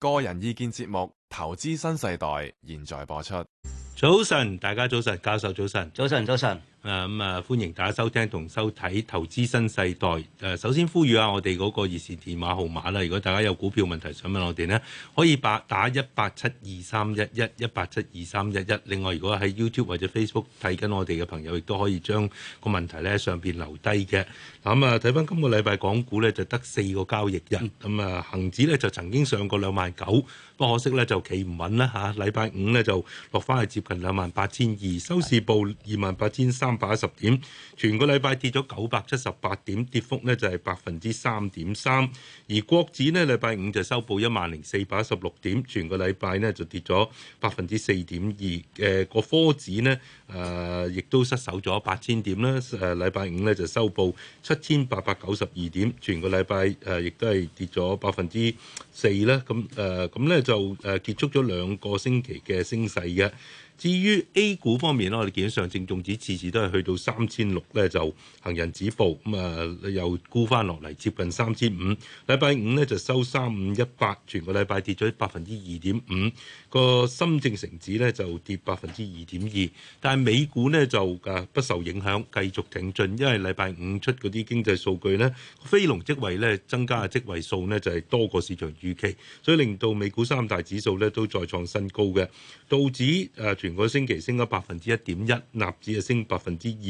個人意見節目《投資新時代》現在播出。早晨，大家早晨，教授早晨，早晨，早晨。誒咁啊，歡迎大家收聽同收睇《投資新世代》。誒，首先呼籲下我哋嗰個熱線電話號碼啦。如果大家有股票問題想問我哋呢，可以撥打一八七二三一一一八七二三一一。另外，如果喺 YouTube 或者 Facebook 睇緊我哋嘅朋友，亦都可以將個問題呢上邊留低嘅。咁啊，睇翻今個禮拜港股呢，就得四個交易日。咁啊，恒指呢就曾經上過兩萬九，不過可惜呢就企唔穩啦嚇。禮拜五呢就落翻去接近兩萬八千二，收市報二萬八千三三百一十點，全個禮拜跌咗九百七十八點，跌幅呢就係百分之三點三。而國指呢，禮拜五就收報一萬零四百一十六點，全個禮拜呢就跌咗百分之四點二。誒、呃、個科指呢，誒、呃、亦都失守咗八千點啦。誒、呃、禮拜五呢就收報七千八百九十二點，全個禮拜誒、呃、亦都係跌咗百分之四啦。咁誒咁咧就誒結束咗兩個星期嘅升勢嘅。至於 A 股方面咧，我哋見到上證綜指次次都係去到三千六咧就行人止步，咁啊又沽翻落嚟接近三千五。禮拜五呢就收三五一八，全個禮拜跌咗百分之二點五。個深證成指呢就跌百分之二點二，但係美股呢就啊不受影響，繼續挺進，因為禮拜五出嗰啲經濟數據呢，非農職位咧增加嘅職位數呢就係多過市場預期，所以令到美股三大指數呢都再創新高嘅，道指啊個星期升咗百分之一點一，納指就升百分之二，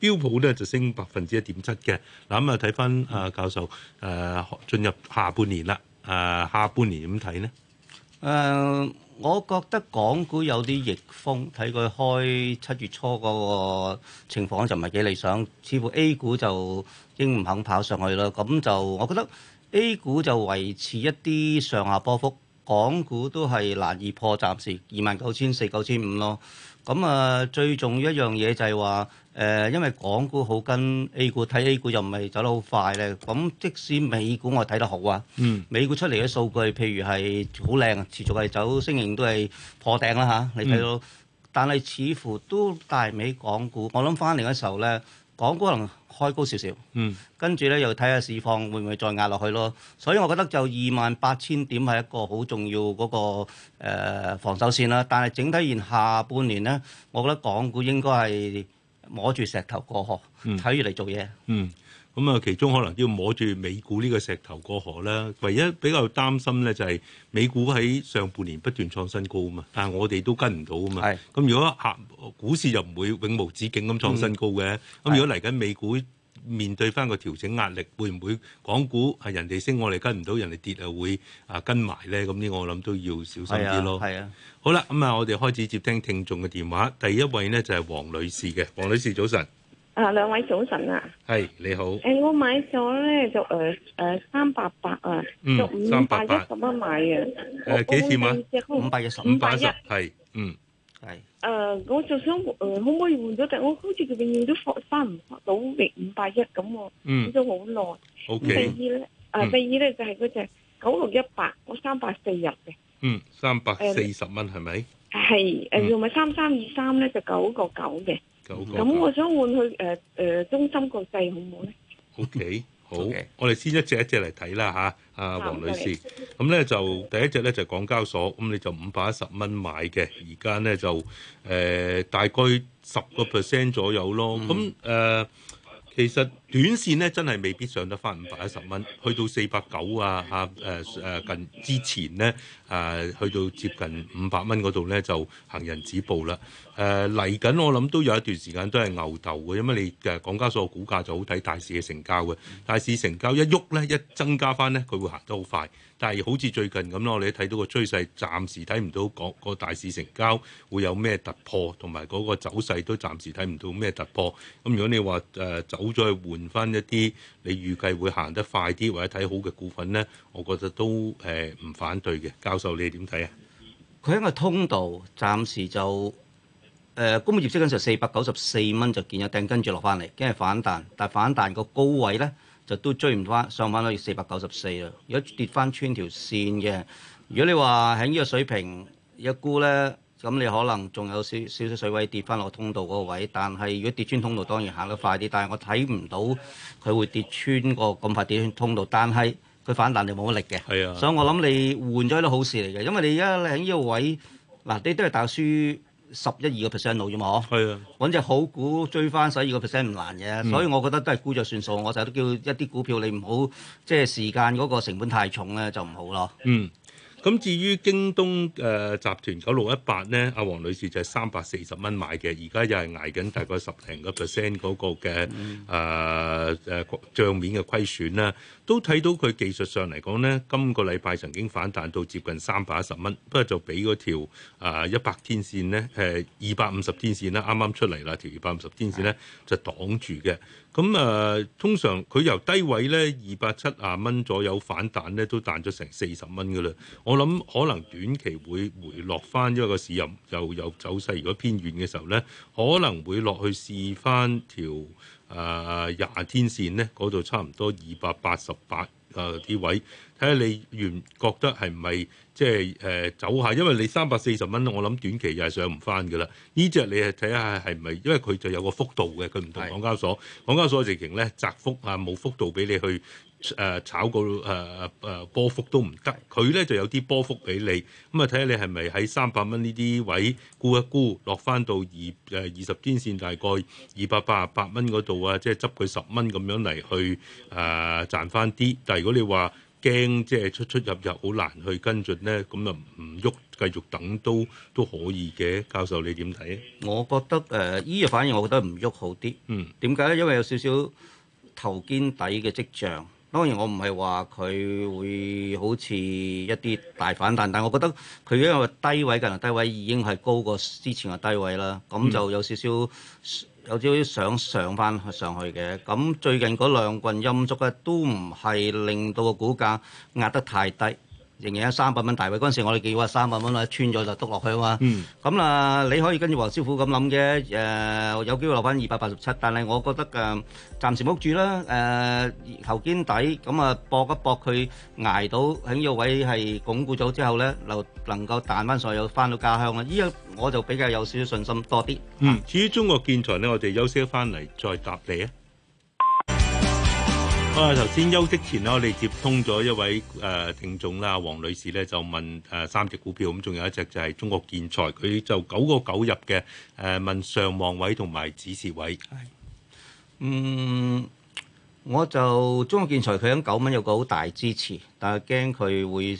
標普呢就升百分之一點七嘅。嗱咁啊，睇翻阿教授，誒、呃、進入下半年啦，誒、呃、下半年點睇呢，誒、呃，我覺得港股有啲逆風，睇佢開七月初嗰、那個情況就唔係幾理想，似乎 A 股就已經唔肯跑上去啦。咁就我覺得 A 股就維持一啲上下波幅。港股都係難以破，暫時二萬九千四、九千五咯。咁、嗯、啊，最重要一樣嘢就係話誒，因為港股好跟 A 股睇 A 股又唔係走得好快咧。咁即使美股我睇得好啊，美股出嚟嘅數據，譬如係好靚啊，持續係走星型，都係破頂啦吓，你睇到，嗯、但係似乎都大尾港股，我諗翻嚟嘅時候咧，港股可能。開高少少，跟住咧又睇下市況會唔會再壓落去咯。所以我覺得就二萬八千點係一個好重要嗰個、呃、防守線啦、啊。但係整體現下半年咧，我覺得港股應該係摸住石頭過河，睇住嚟做嘢。嗯嗯。咁啊，其中可能要摸住美股呢個石頭過河啦。唯一比較擔心咧就係美股喺上半年不斷創新高啊嘛，但係我哋都跟唔到啊嘛。咁是的 如果下股市又唔會永無止境咁創新高嘅，咁、嗯、如果嚟緊美股面對翻個調整壓力，是的 會唔會港股係人哋升我哋跟唔到，人哋跌啊會啊跟埋咧？咁呢，這個我諗都要小心啲咯。係啊，係啊，好啦，咁啊，我哋開始接聽聽眾嘅電話。第一位呢，就係黃女士嘅，黃女士早晨。啊！兩位早晨啊，係你好。誒，我買咗咧就誒誒三八八啊，就五百一十蚊買嘅。誒幾錢啊？五百一十。五百一，係嗯係。誒，我就想誒，可唔可以換咗？但係我好似佢永遠都翻唔翻到嚟五百一咁喎。嗯，等咗好耐。O K。第二咧，誒第二咧就係嗰隻九六一八，我三百四十嘅。嗯，三百四十蚊係咪？係誒，同埋三三二三咧就九個九嘅。咁我想換去誒誒中心國際好唔好咧？OK，好，Okay. 我哋先一隻一隻嚟睇啦吓，阿黃女士，咁咧、嗯、就第一隻咧就是、港交所，咁、嗯、你就五百一十蚊買嘅，而家咧就誒、呃、大概十個 percent 左右咯。咁、嗯、誒、嗯呃、其實。短線呢真係未必上得翻五百一十蚊，去到四百九，啊嚇、誒誒近之前呢，誒、啊、去到接近五百蚊嗰度呢，就行人止步啦。誒嚟緊我諗都有一段時間都係牛頭嘅，因為你誒、啊、港交所股價就好睇大市嘅成交嘅，大市成交一喐呢，一增加翻呢，佢會行得好快。但係好似最近咁咯，我哋睇到，到個趨勢暫時睇唔到個個大市成交會有咩突破，同埋嗰個走勢都暫時睇唔到咩突破。咁如果你話誒、啊、走咗去換，翻一啲你預計會行得快啲或者睇好嘅股份咧，我覺得都誒唔反對嘅。教授，你點睇啊？佢喺個通道，暫時就誒公佈業績嗰陣時四百九十四蚊就見一頂，跟住落翻嚟，跟住反彈，但係反彈個高位咧就都追唔翻上翻去四百九十四啦。如果跌翻穿條線嘅，如果你話喺呢個水平一沽咧。咁你可能仲有少少少水位跌翻落通道嗰個位，但係如果跌穿通道當然行得快啲，但係我睇唔到佢會跌穿個咁快跌穿通道，但係佢反彈就冇乜力嘅。係啊，所以我諗你換咗都好事嚟嘅，因為你而家喺呢個位嗱，你都係打輸十一二個 percent 度啫嘛，嗬。係啊。揾隻好股追翻十一二個 percent 唔難嘅，啊、所以我覺得都係估着算數。我成日都叫一啲股票你唔好即係時間嗰個成本太重咧，就唔好咯。嗯。咁至於京東誒、呃、集團九六一八咧，阿黃女士就係三百四十蚊買嘅，而家又係捱緊大概十零個 percent 嗰個嘅誒誒帳面嘅虧損啦，都睇到佢技術上嚟講咧，今個禮拜曾經反彈到接近三百一十蚊，不過就俾嗰條一百天線咧，誒二百五十天線啦，啱啱出嚟啦，條二百五十天線咧就擋住嘅。咁、嗯、啊、呃，通常佢由低位咧二百七啊蚊左右反彈咧，都彈咗成四十蚊嘅嘞，我。我諗可能短期會回落翻，因為個市任又有走勢，如果偏軟嘅時候咧，可能會落去試翻條啊廿、呃、天線咧，嗰度差唔多二百八十八啊啲位，睇下你願覺得係咪即係誒走下？因為你三百四十蚊，我諗短期又係上唔翻噶啦。呢隻你啊睇下係咪？因為佢就有個幅度嘅，佢唔同港交所，是港交所直情咧窄幅啊，冇幅度俾你去。誒、啊，炒個誒誒、啊啊、波幅都唔得，佢咧就有啲波幅俾你，咁啊睇下你係咪喺三百蚊呢啲位沽一沽，落翻到二誒二十天線大概二百八十八蚊嗰度啊，即係執佢十蚊咁樣嚟去誒賺翻啲。但係如果你話驚即係出出入入好難去跟進咧，咁啊唔喐繼續等都都可以嘅。教授你點睇？我覺得誒依個反應，我覺得唔喐好啲。嗯，點解咧？因為有少少頭肩底嘅跡象。當然我唔係話佢會好似一啲大反彈，但係我覺得佢因為低位近來低位已經係高過之前嘅低位啦，咁就有少少有少少想上翻上去嘅。咁最近嗰兩棍陰燭咧都唔係令到個股價壓得太低。仍然有三百蚊大位嗰陣時，我哋記話三百蚊啊，穿咗就篤落去啊嘛。咁啦，你可以跟住黃師傅咁諗嘅，誒有機會留翻二百八十七。但係我覺得嘅暫時唔好住啦，誒頭肩底咁啊，搏一搏佢捱到喺呢個位係鞏固咗之後咧，能能夠彈翻上去，翻到家鄉啦。依家我就比較有少少信心多啲。嗯，至於中國建材咧，我哋休息翻嚟再答你啊。我頭先休息前啦，我哋接通咗一位誒、呃、聽眾啦，黃女士咧就問誒、呃、三隻股票，咁仲有一隻就係中國建材，佢就九個九入嘅誒、呃，問上望位同埋支持位。係，嗯，我就中國建材佢喺九蚊有個好大支持，但係驚佢會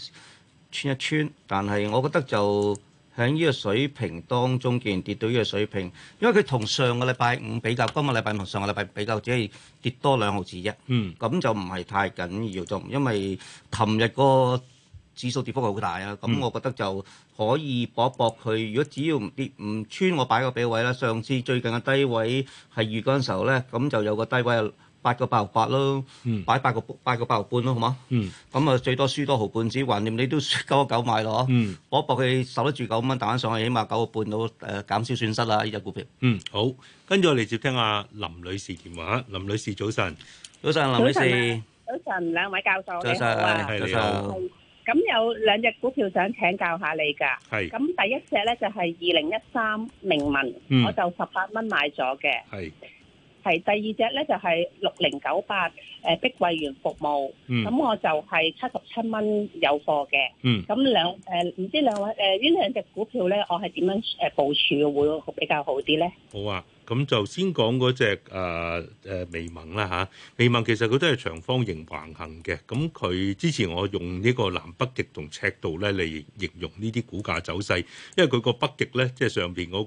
穿一穿，但係我覺得就。喺呢個水平當中，既然跌到呢個水平，因為佢同上個禮拜五比較，今個禮拜同上個禮拜比較，只係跌多兩毫子啫。嗯，咁就唔係太緊要，仲因為尋日個指數跌幅好大啊。咁我覺得就可以搏一搏佢。如果只要跌唔穿我擺個低位啦，上次最近嘅低位係二嗰陣時候咧，咁就有個低位。八個八毫八咯，擺八個八個八毫半咯，好嘛？咁啊，最多輸多毫半紙，橫掂你都九個九買咯嗬。我搏佢受得住九蚊，彈上去起碼九個半到，誒減少損失啦！呢隻股票。嗯，好，跟住我嚟接聽阿林女士電話。林女士早晨，早晨，林女士，早晨，兩位教授，早晨，你好。咁有兩隻股票想請教下你㗎。係。咁第一隻咧就係二零一三明文，我就十八蚊買咗嘅。係。係第二隻咧就係六零九八，誒碧桂園服務。咁、嗯、我就係七十七蚊有貨嘅。咁兩誒唔知兩位誒呢兩隻股票咧，我係點樣誒部署會比較好啲咧？好啊。咁就先講嗰隻誒誒微盟啦嚇，微盟其實佢都係長方形橫行嘅。咁佢之前我用呢個南北極同赤道咧嚟形容呢啲股價走勢，因為佢個北極咧即係上邊嗰、嗰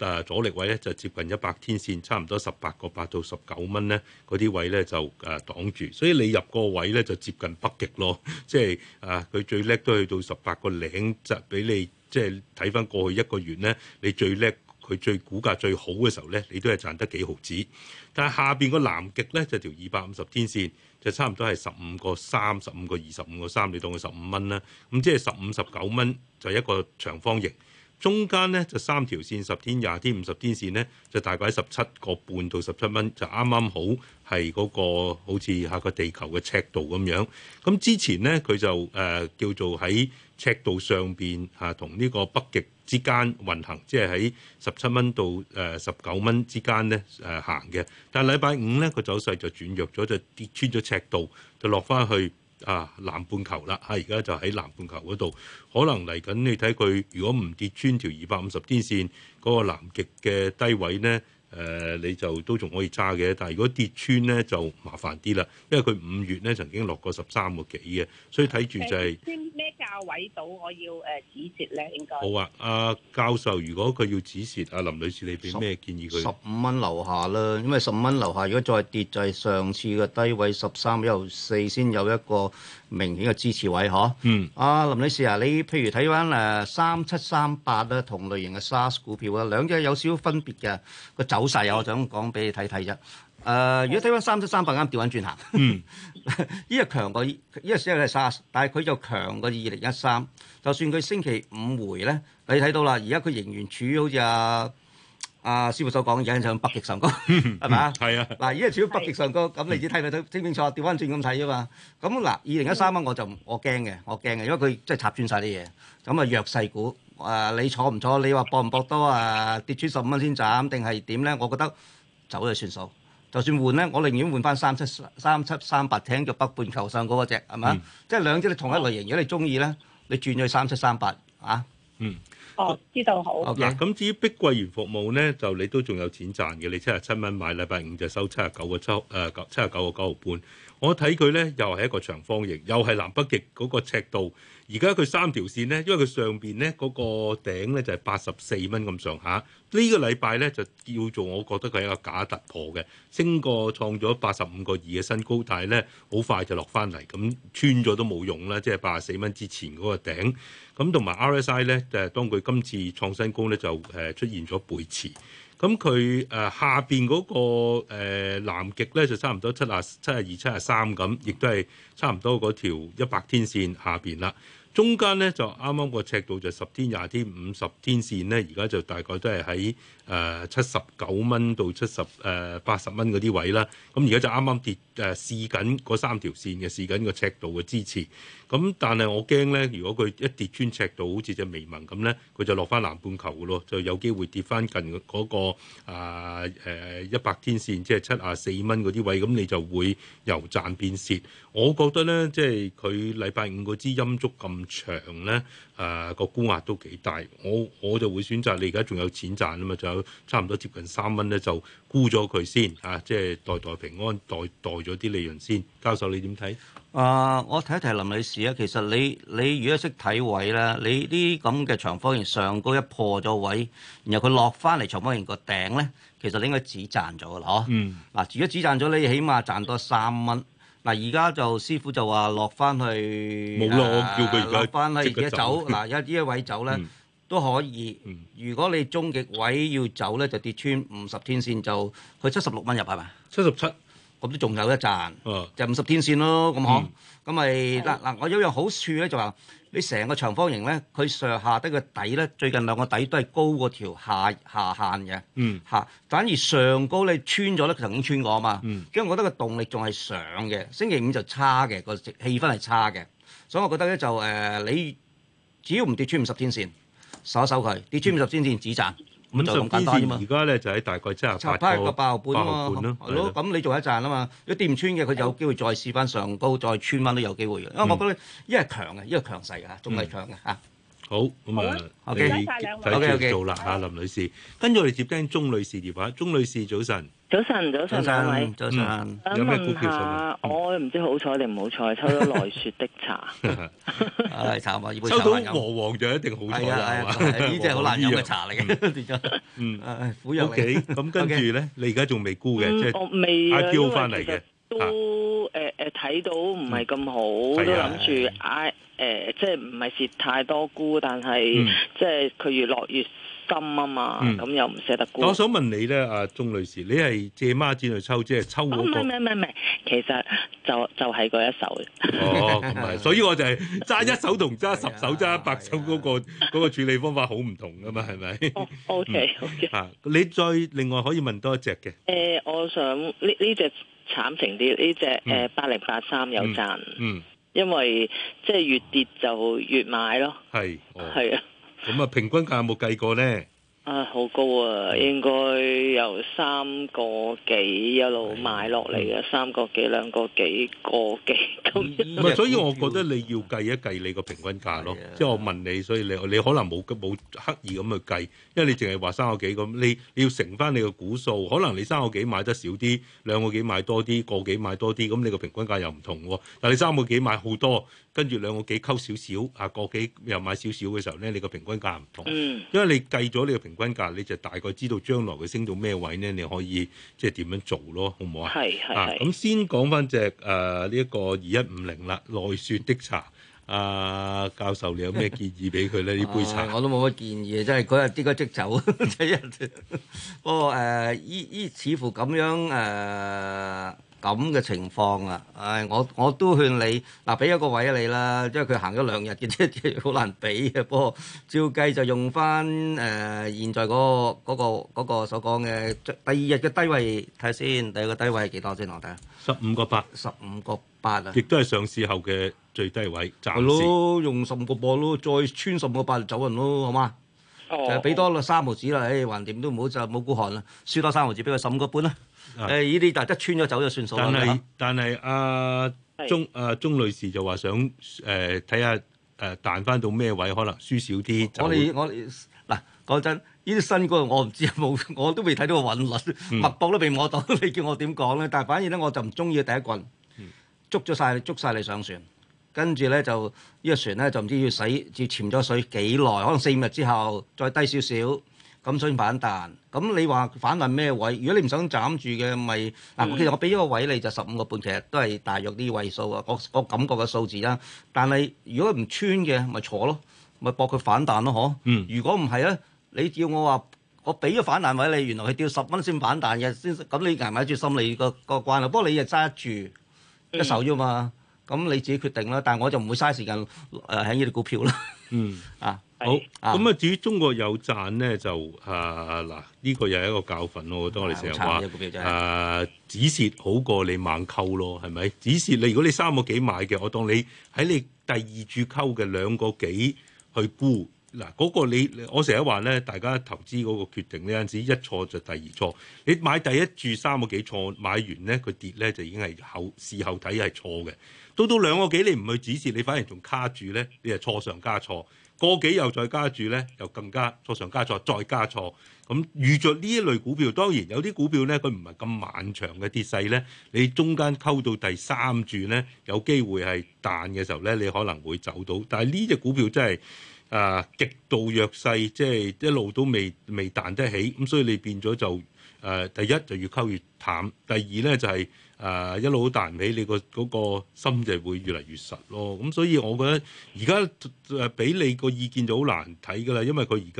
個、呃、阻力位咧就接近一百天線，差唔多十八個八到十九蚊咧，嗰啲位咧就誒擋住，所以你入個位咧就接近北極咯。即係誒，佢、呃、最叻都去到十八個零，就俾你即係睇翻過去一個月咧，你最叻。佢最股價最好嘅時候呢，你都係賺得幾毫子。但係下邊個南極呢，就條二百五十天線，就差唔多係十五個三、十五個二、十五個三，你當佢十五蚊啦。咁即係十五十九蚊，就, 15，就一個長方形。中間咧就三條線，十天、廿天、五十天線咧，就大概喺十七個半到十七蚊，就啱啱好係嗰、那個好似下個地球嘅赤道咁樣。咁之前咧佢就誒、呃、叫做喺赤道上邊嚇、啊、同呢個北極之間運行，即係喺十七蚊到誒十九蚊之間咧誒行嘅。但係禮拜五咧個走勢就轉弱咗，就跌穿咗赤道，就落返去。啊，南半球啦，啊而家就喺南半球嗰度，可能嚟緊你睇佢，如果唔跌穿條二百五十天線嗰個南極嘅低位呢，誒、呃、你就都仲可以揸嘅，但係如果跌穿咧就麻煩啲啦，因為佢五月咧曾經落過十三個幾嘅，所以睇住就係咩價位到我要誒止蝕咧應該。好啊，阿、啊、教授，如果佢要止蝕，阿林女士你俾咩建議佢？十五蚊樓下啦，因為十五蚊樓下如果再跌就係、是、上次嘅低位十三又四先有一個明顯嘅支持位嗬。嗯，啊林女士啊，你譬如睇翻誒三七三八啦，同類型嘅 SaaS 股票啊，兩隻有少少分別嘅個走勢啊，我想講俾你睇睇啫。誒、呃，嗯、如果睇翻三七三八啱調穩轉行，嗯，呢 個強過呢、這個只係 SaaS，但係佢就強過二零一三。就算佢星期五回咧，你睇到啦，而家佢仍然處於好似啊。啊，師傅所講嘅嘢就北極上高，係咪 吧？係啊。嗱，依家主要北極上高，咁 你只睇佢睇清唔清楚？調翻轉咁睇啊嘛。咁嗱，二零一三蚊我就我驚嘅，我驚嘅，因為佢真係插穿晒啲嘢。咁啊，弱勢股啊，你坐唔坐？你話搏唔搏多啊？跌穿十五蚊先斬定係點咧？我覺得走就算數。就算換咧，我寧願換翻三七三七三八，聽咗北半球上高嗰隻係咪？嗯、即係兩隻你、啊、同一類型。如果你中意咧，你轉咗去三七三八啊。嗯。哦，知道好。好嘅，咁至於碧桂園服務咧，就你都仲有錢賺嘅。你七十七蚊買，禮拜五就收七十九個七，誒、呃，七十九個九毫半。我睇佢咧，又係一個長方形，又係南北極嗰個尺度。而家佢三條線呢，因為佢上邊呢嗰個頂咧就係八十四蚊咁上下。呢個禮拜呢，就叫做我覺得佢係一個假突破嘅，升過創咗八十五個二嘅新高，但係呢，好快就落翻嚟，咁穿咗都冇用啦，即係八十四蚊之前嗰個頂。咁同埋 RSI 呢，就誒當佢今次創新高呢，就誒出現咗背馳。咁佢誒下邊嗰、那個、呃、南極咧就差唔多七十七十二七十三咁，亦都係差唔多嗰條一百天線下邊啦。中間咧就啱啱個赤道就十天廿天五十天線咧，而家就大概都係喺誒七十九蚊到七十誒八十蚊嗰啲位啦，咁而家就啱啱跌誒、呃、試緊嗰三條線嘅試緊個赤道嘅支持，咁、嗯、但係我驚咧，如果佢一跌穿赤道好似只微紋咁咧，佢就落翻南半球咯，就有機會跌翻近嗰、那個啊誒一百天線即係七啊四蚊嗰啲位，咁、嗯、你就會由賺變蝕，我覺得咧，即係佢禮拜五個支陰燭咁長咧，誒個沽壓都幾大。我我就會選擇你而家仲有錢賺啊嘛，差唔多接近三蚊咧，就沽咗佢先啊！即係袋袋平安，袋袋咗啲利潤先。教授你點睇？啊、呃，我睇一睇林女士啊。其實你你如果識睇位啦，你呢咁嘅長方形上高一破咗位，然後佢落翻嚟長方形個頂咧，其實你應該只賺咗噶啦，嗬、啊？嗯。嗱、啊，如果只賺咗你起碼賺多三蚊。嗱、啊，而家就師傅就話落翻去冇啦，我叫佢而家落翻去而家走。嗱，一啲 一位走咧。嗯都可以。如果你終極位要走咧，就跌穿五十天線，就佢七十六蚊入係嘛？七十七，咁都仲有一賺，哦、就五十天線咯。咁講咁咪嗱嗱，我有一樣好處咧、就是，就話你成個長方形咧，佢上下底嘅底咧，最近兩個底都係高過條下下，下限嘅。嗯，嚇，反而上高咧穿咗咧，佢曾經穿過啊嘛。嗯，因為我覺得個動力仲係上嘅，星期五就差嘅，個氣氛係差嘅，所以我覺得咧就誒、呃，你只要唔跌穿五十天線。收一收佢跌穿五十線先至止賺，咁就咁簡單啫嘛。而家咧就喺大概七廿八毫半，拆入個爆盤啊嘛。好，咁你做一賺啊嘛。如果跌唔穿嘅，佢有機會再試翻上高，再穿翻都有機會嘅。因為我覺得一係強嘅，一係強勢嘅吓，仲係強嘅吓。好咁啊，OK OK OK，做啦，吓林女士，跟住我哋接聽鍾女士電話。鍾女士早晨。早晨，早晨，阿米，早晨。想問下，我唔知好彩定唔好彩，抽到內雪的茶。係茶葉，抽到黃黃就一定好彩啦。呢隻好難飲嘅茶嚟嘅，嗯，苦藥嚟。咁跟住咧，你而家仲未沽嘅，即係阿嬌翻嚟嘅都誒誒，睇到唔係咁好，都諗住嗌誒，即係唔係蝕太多沽，但係即係佢越落越，金啊嘛，咁、嗯、又唔捨得。我想問你咧，阿鍾女士，你係借孖展去抽，即係抽好、那、多、個？唔唔唔唔其實就就係嗰、就是、一手 哦，唔、嗯、係，所以我就係、是、揸一手同揸十手、揸一百手嗰、那個嗰、啊、個處理方法好唔同噶嘛，係咪？O K，O K。哦 okay, 嗯、啊，你再另外可以問多一隻嘅。誒、呃，我想呢呢隻慘情啲，呢隻誒八零八三有賺、嗯嗯嗯。嗯，因為即係越跌就越買咯。係， 係啊。 咁啊，平均價有冇計過咧？啊，好高啊，應該由三個幾一路買落嚟嘅，的三個幾、兩個幾、個幾咁。唔、 嗯、所以我覺得你要計一計你個平均價咯。的即係我問你，所以你你可能冇冇刻意咁去計，因為你淨係話三個幾咁，你你要乘翻你個股數，可能你三個幾買得少啲，兩個幾買多啲，個幾買多啲，咁你個平均價又唔同。但係你三個幾買好多。跟住兩個幾溝少少，啊個幾又買少少嘅時候咧，你個平均價唔同，嗯、因為你計咗你個平均價，你就大概知道將來佢升到咩位咧，你可以即係點樣做咯，好唔好啊？係係。咁先講返隻誒呢一個二一五零啦，奈雪的茶。阿、呃、教授，你有咩建議俾佢咧？呢杯茶我都冇乜建議，真係嗰日跌過即走，真不過誒，依、呃、依似乎咁樣誒。呃咁嘅情況啊！誒，我我都勸你嗱，俾、啊、一個位你啦，因為佢行咗兩日嘅，即係好難比嘅。不過照計就用翻誒、呃、現在嗰、嗰個嗰、嗰個、所講嘅第二日嘅低位睇先，第二個低位係幾多先？我睇下十五個八，十五個八啊！亦都係上市後嘅最低位，暫時咯，用十五個八咯，再穿十五個八就走人咯，好嗎？就俾、哦、多個三毫子啦，唉、哎，橫掂都唔好就冇孤寒啦，輸多三毫子俾佢審哥搬啦。誒，依啲大得穿咗走就算數啦。但係是，吧但係，阿鍾阿鍾女士就話想誒睇下誒彈翻到咩位，可能輸少啲我會。我哋我嗱講真依啲新股，我唔知有冇我都未睇到個韻律，脈搏、嗯、都未摸到，你叫我點講咧？但係反而咧，我就唔中意第一棍捉咗晒捉曬你，你上船。跟住咧就呢、呢個船咧就唔知要洗至潛咗水幾耐，可能四五日之後再低少少，咁所以反彈。咁你話反彈咩位？如果你唔想斬住嘅，咪嗱、嗯啊，其實我俾咗個位你，就十五個半，其實都係大約啲位數啊，個個感覺嘅數字啦。但係如果唔穿嘅，咪坐咯，咪搏佢反彈咯，嗬。如果唔係咧，你叫我話我俾咗反彈位你，原來係跌十蚊先反彈嘅，先咁你捱埋住心理個個關啦。不過你又揸住一手啫嘛、嗯。咁你自己決定啦，但係我就唔會嘥時間誒喺呢啲股票啦。嗯，啊好。咁啊，至於中國有賺咧，就啊嗱，呢、呃這個又係一個教訓咯。當我覺得我哋成日話啊、這個就是呃，止蝕好過你猛溝咯，係咪？止蝕你如果你三個幾買嘅，我當你喺你第二注溝嘅兩個幾去沽嗱，嗰、那個你我成日話咧，大家投資嗰個決定呢陣時一錯就第二錯。你買第一注三個幾錯，買完咧佢跌咧就已經係後事後睇係錯嘅。到到兩個幾你唔去指示，你反而仲卡住咧，你係錯上加錯。個幾又再加住咧，又更加錯上加錯，再加錯。咁預着呢一類股票，當然有啲股票咧，佢唔係咁漫長嘅跌勢咧，你中間溝到第三轉咧，有機會係彈嘅時候咧，你可能會走到。但係呢隻股票真係啊，極、呃、度弱勢，即係一路都未未彈得起。咁所以你變咗就誒、呃，第一就越溝越淡，第二咧就係、是。誒、啊、一路好彈起，你個嗰、那個心就會越嚟越實咯。咁、嗯、所以我覺得而家誒俾你個意見就好難睇噶啦，因為佢而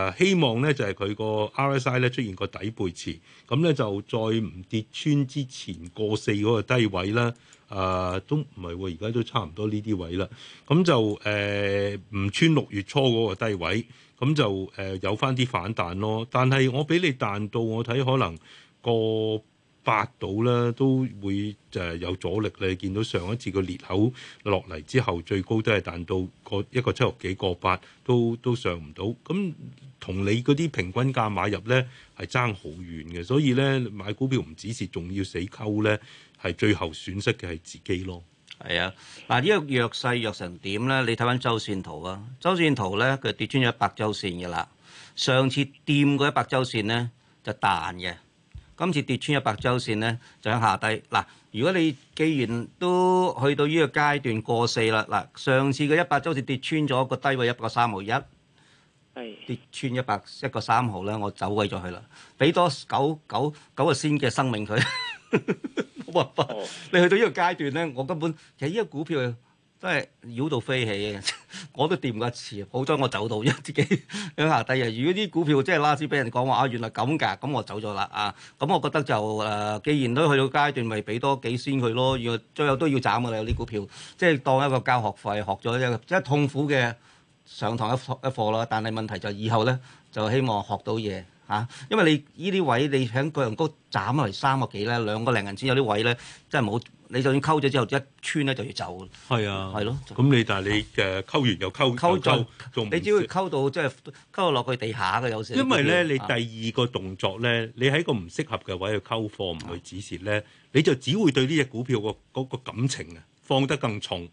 家誒希望咧就係、是、佢個 RSI 咧出現個底背馳。咁、嗯、咧就再唔跌穿之前過四嗰個低位啦。誒都唔係喎，而家都差唔多呢啲位啦。咁就誒唔穿六月初嗰個低位，咁、呃啊嗯、就誒、呃嗯呃、有翻啲反彈咯。但係我俾你彈到，我睇可能個。八度咧都會就係有阻力，你見到上一次個裂口落嚟之後，最高都係彈到個一個七十幾個八，都都上唔到。咁同你嗰啲平均價買入咧係爭好遠嘅，所以咧買股票唔止蝕仲要死溝咧，係最後損失嘅係自己咯。係啊，嗱、這、呢個弱勢弱成點咧？你睇翻周線圖啊，周線圖咧佢跌穿咗百周線嘅啦。上次掂過一百周線咧就彈嘅。今次跌穿一百周線咧，就喺下低。嗱，如果你既然都去到呢個階段過四啦，嗱，上次嘅一百周線跌穿咗個低位一百個三毫一，跌穿一百一個三毫咧，我走鬼咗佢啦。俾多九九九個仙嘅生命佢，冇辦法。你去到呢個階段咧，我根本其實呢個股票真係繞到飛起嘅。我都掂過一次，好彩我走到，因為自己咁啊。第二，如果啲股票真係拉住，俾人講話啊，原來咁㗎，咁我走咗啦啊。咁我覺得就誒，既然都去到階段，咪俾多幾先佢咯。如果最後都要斬㗎啦，有啲股票即係當一個交學費，學咗啫，一即係痛苦嘅上堂一課一課啦。但係問題就以後咧，就希望學到嘢吓，因為你依啲位你喺個人高斬落嚟三個幾咧，兩個零銀錢有啲位咧，真係冇。你就算溝咗之後，一穿咧就要走。係啊，係咯的。咁你但係你誒溝完又溝，溝就你只會溝到即係溝落去地下嘅有時。因為咧，啊、你第二個動作咧，你喺個唔適合嘅位去溝貨，唔去止蝕咧，啊、你就只會對呢隻股票、嗰個嗰感情啊放得更重。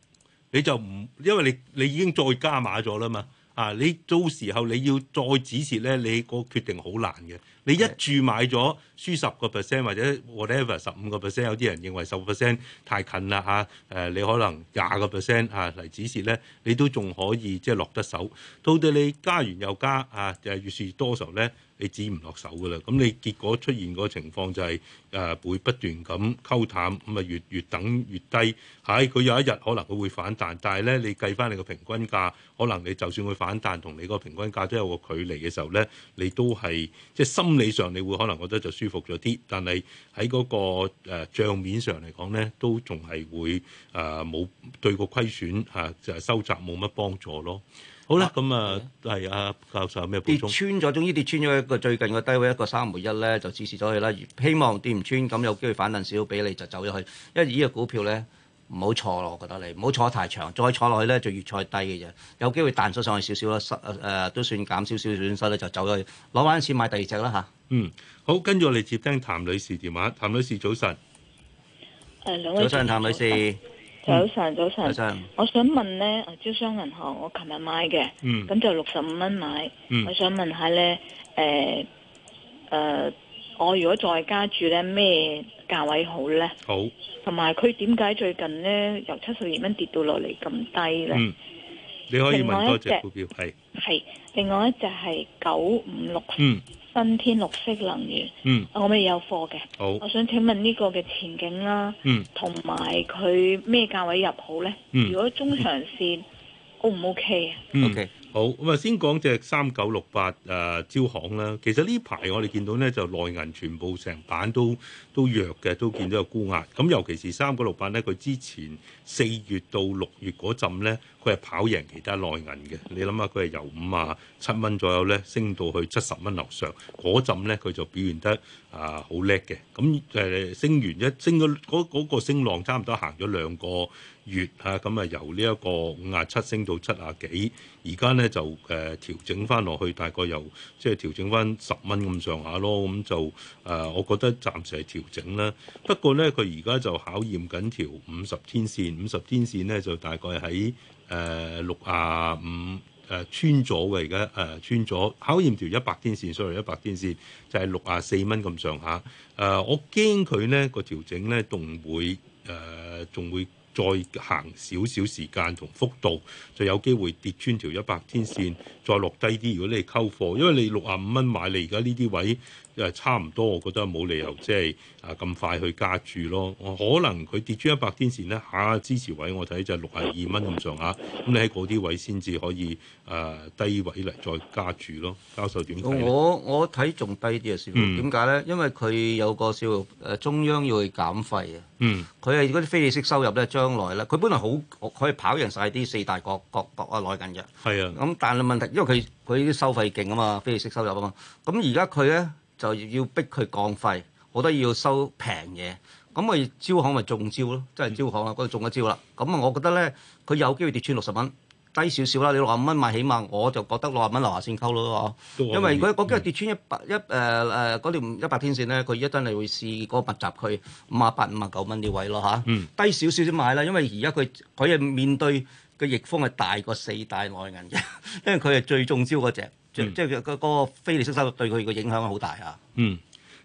你就唔因為你你已經再加碼咗啦嘛啊！你到時候你要再止蝕咧，你個決定好難嘅。你一注買咗輸十個 percent 或者 whatever 十五個 percent，有啲人認為十個 percent 太近啦嚇，誒、啊、你可能廿個 percent 啊嚟止蝕咧，你都仲可以即係落得手。到底你加完又加啊，越蝕越多時候咧？你指唔落手噶啦，咁你結果出現個情況就係、是、誒、呃、會不斷咁溝淡，咁啊越越等越低。喺、哎、佢有一日可能佢會反彈，但係咧你計翻你個平均價，可能你就算會反彈，同你個平均價都有個距離嘅時候咧，你都係即係心理上你會可能覺得就舒服咗啲，但係喺嗰個誒帳面上嚟講咧，都仲係會誒冇、呃、對個虧損誒、啊就是、收窄冇乜幫助咯。好啦，咁啊，係啊的，教授有咩補充？跌穿咗，終於跌穿咗一個最近個低位一個三回一咧，就止蝕咗佢啦。希望跌唔穿，咁有機會反彈少少，俾你就走咗去。因為呢個股票咧，唔好坐咯，我覺得你唔好坐太長，再坐落去咧就越坐越低嘅啫。有機會彈咗上去少少啦，失、呃、都算減少少損失咧，就走咗去。攞翻啲錢買第二隻啦吓，嗯，好，跟住我嚟接聽譚女士電話。譚女士早晨。早晨，譚女士。晨晨 Mm. 早晨，早晨。 我想問咧，招商銀行我琴日買嘅，咁、mm. 就六十五蚊買。Mm. 我想問下咧，誒、呃、誒、呃，我如果再加住加注咧，咩價位好咧？好。同埋佢點解最近咧由七十二蚊跌到落嚟咁低咧？Mm. 你可以問多隻股票，係。係是，另外一隻係九五六。Mm. 新天綠色能源，嗯，我咪有貨嘅。好，我想請問呢個嘅前景啦，嗯，同埋佢咩價位入好呢？嗯，如果中長線 O 唔 OK 啊？OK，好咁啊，Okay. 先講隻三九六八誒招行啦。其實呢排我哋見到呢，就內銀全部成版都都弱嘅，都見到有沽壓。咁尤其是三九六八呢，佢之前四月到六月嗰陣咧，佢係跑贏其他內銀嘅，你諗下佢係由五啊七蚊左右咧，升到去七十蚊樓上，嗰陣咧佢就表現得啊好叻嘅。咁、呃、誒、嗯呃、升完一升咗嗰、嗰個升浪，差唔多行咗兩個月嚇，咁啊、嗯、由呢一個五啊七升到七啊幾，而家咧就誒、呃、調整翻落去，大概又即係、就是、調整翻十蚊咁上下咯。咁就誒、呃，我覺得暫時係調整啦。不過咧，佢而家就考驗緊條五十天線，五十天線咧就大概喺。誒，六啊五，誒穿咗嘅，而家誒穿咗，考驗條一百天線，sorry 一百天線就係、是、六啊四蚊咁上下。誒，我驚佢呢個調整呢，仲會誒仲、呃、會再行少少時間同幅度，就有機會跌穿條一百天線，再落低啲。如果你係溝貨，因為你六啊五蚊買，你而家呢啲位。因誒差唔多，我覺得冇理由即係啊咁快去加注咯。我可能佢跌穿一百天線咧，下支持位我睇就六十二蚊咁上下。咁、嗯、你喺嗰啲位先至可以誒、啊、低位嚟再加注咯。教授點睇？我我睇仲低啲嘅，師傅。點解咧？因為佢有個少誒中央要去減費啊。嗯。佢係嗰啲非利息收入咧，將來咧，佢本來好可以跑贏晒啲四大國國國啊來緊嘅。係啊。咁但係問題，因為佢佢啲收費勁啊嘛，非利息收入啊嘛。咁而家佢咧。就要逼佢降費，好多要收平嘢，咁咪招行咪中招咯，真係招行啊，度、嗯、中咗招啦。咁啊，我覺得咧，佢有機會跌穿六十蚊，低少少啦。你六十蚊買，起碼我就覺得六十蚊樓下先溝咯，因為如果嗰今日跌穿一百一誒誒嗰條一百天線咧，佢一陣係會試嗰個密集區五啊八五啊九蚊啲位咯嚇，低少少先買啦。因為而家佢佢係面對嘅逆風係大過四大內銀嘅，因為佢係最中招嗰隻。即即係佢個非利息收入對佢個影響好大啊！嗯，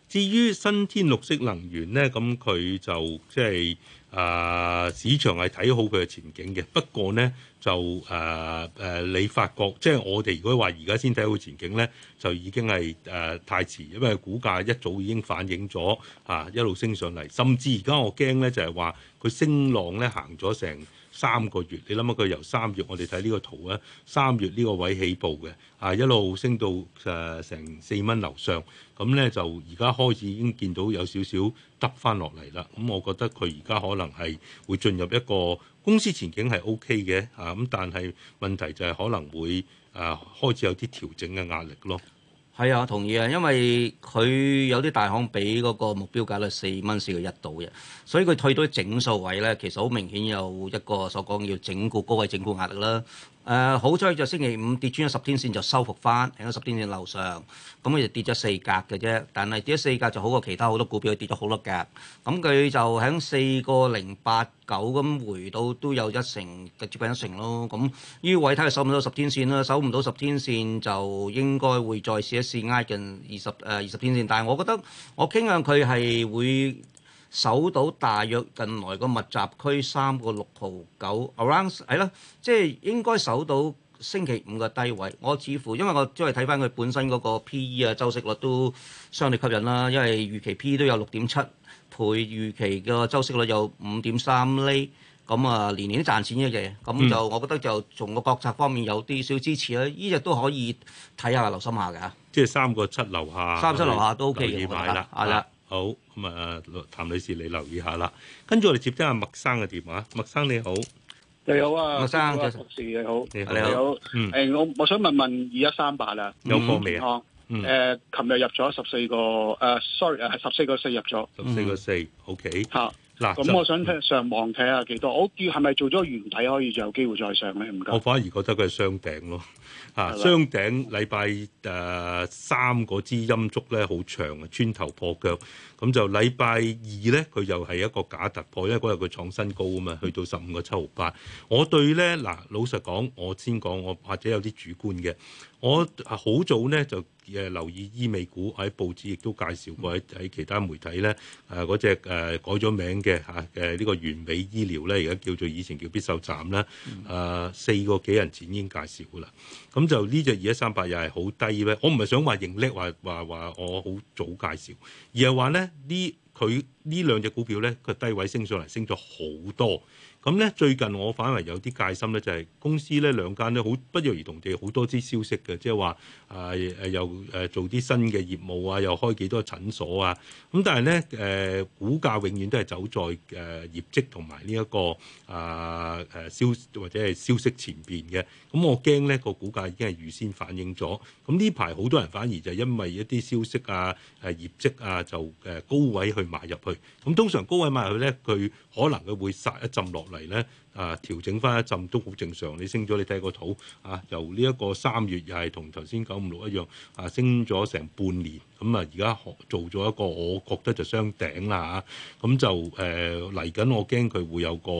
至於新天綠色能源咧，咁佢就即係啊市場係睇好佢嘅前景嘅。不過咧就誒誒、呃呃，你發覺即係我哋如果話而家先睇好前景咧，就已經係誒、呃、太遲，因為股價一早已經反映咗啊一路升上嚟。甚至而家我驚咧就係話佢升浪咧行咗成三個月，你諗下佢由三月，我哋睇呢個圖咧，三月呢個位起步嘅，啊一路升到誒、呃、成四蚊樓上，咁咧就而家開始已經見到有少少耷翻落嚟啦。咁、嗯、我覺得佢而家可能係會進入一個公司前景係 OK 嘅，啊咁，但係問題就係可能會啊、呃、開始有啲調整嘅壓力咯。係啊，我同意啊，因為佢有啲大行俾嗰個目標價都係四蚊四個一度嘅，所以佢退到整數位咧，其實好明顯有一個所講要整固高位整固壓力啦。誒、呃、好彩就星期五跌穿咗十天線就收復翻喺十天線樓上，咁佢就跌咗四格嘅啫，但係跌咗四格就好過其他好多股票跌咗好多格，咁佢就喺四個零八九咁回到都有一成嘅，接近一成咯，咁呢位睇佢守唔到十天線啦，守唔到十天線就應該會再試一試挨近二十誒、呃、二十天線，但係我覺得我傾向佢係會。守到大約近來個密集區三個六毫九，around 係咯，即係應該守到星期五嘅低位。我似乎因為我都係睇翻佢本身嗰個 P E 啊，周息率都相對吸引啦。因為預期 P E 都有六點七倍，預期嘅周息率有五點三厘，咁啊年年都賺錢嘅嘢。咁就、嗯、我覺得就從個國策方面有啲少支持啦。呢日都可以睇下留心下嘅。即係三個七樓下，三七樓下都 O K 嘅，可以買啦，係啦。了好，咁啊，譚女士你留意下啦。跟住我哋接聽阿麥生嘅電話，麥生你好，你好啊，麥生，博士你好，你好，誒、嗯，我我想問問二一三八啦，有冇未？康？誒、嗯，琴日入咗十四個，誒、uh，sorry，係十四個四入咗，十四個四，OK，好。嗱，咁我想上網睇下幾多，我見係咪做咗圓底可以就有機會再上咧？唔該。我反而覺得佢係雙頂咯，嚇、啊、的雙頂禮拜誒三嗰支陰燭咧，好長啊，穿頭破腳，咁就禮拜二咧，佢又係一個假突破，因為嗰日佢創新高啊嘛，去到十五個七毫八。我對咧，嗱，老實講，我先講我或者有啲主觀嘅。我好早咧就誒、呃、留意醫美股，喺報紙亦都介紹過，喺其他媒體咧誒嗰隻誒改咗名嘅嚇誒呢個完美醫療咧，而家叫做以前叫必瘦站啦，誒、呃、四個幾日前已經介紹噶啦。咁、嗯、就呢隻二一三八又係好低咧，我唔係想話型叻話話話我好早介紹，而係話咧呢佢呢兩隻股票咧個低位升上嚟，升咗好多。咁咧最近我反而有啲戒心咧，就係公司咧兩間咧好不約而同地好多啲消息嘅，即係話誒誒又誒做啲新嘅業務啊，又開幾多診所啊。咁但係咧誒股價永遠都係走在誒、呃、業績同埋呢一個啊誒、呃、消或者係消息前邊嘅。咁我驚咧、個股價已經係預先反映咗。咁呢排好多人反而就因為一啲消息啊、誒、呃、業績啊，就誒高位去買入去。咁通常高位買入去咧，佢可能佢會殺一浸落嚟。嚟咧啊，調整翻一陣都好正常。你升咗，你睇個圖啊，由呢一個三月又係同頭先九五六一樣啊，升咗成半年。咁啊，而家做咗一個，我覺得就雙頂啦、啊、嚇。咁就誒嚟緊，啊、我驚佢會有個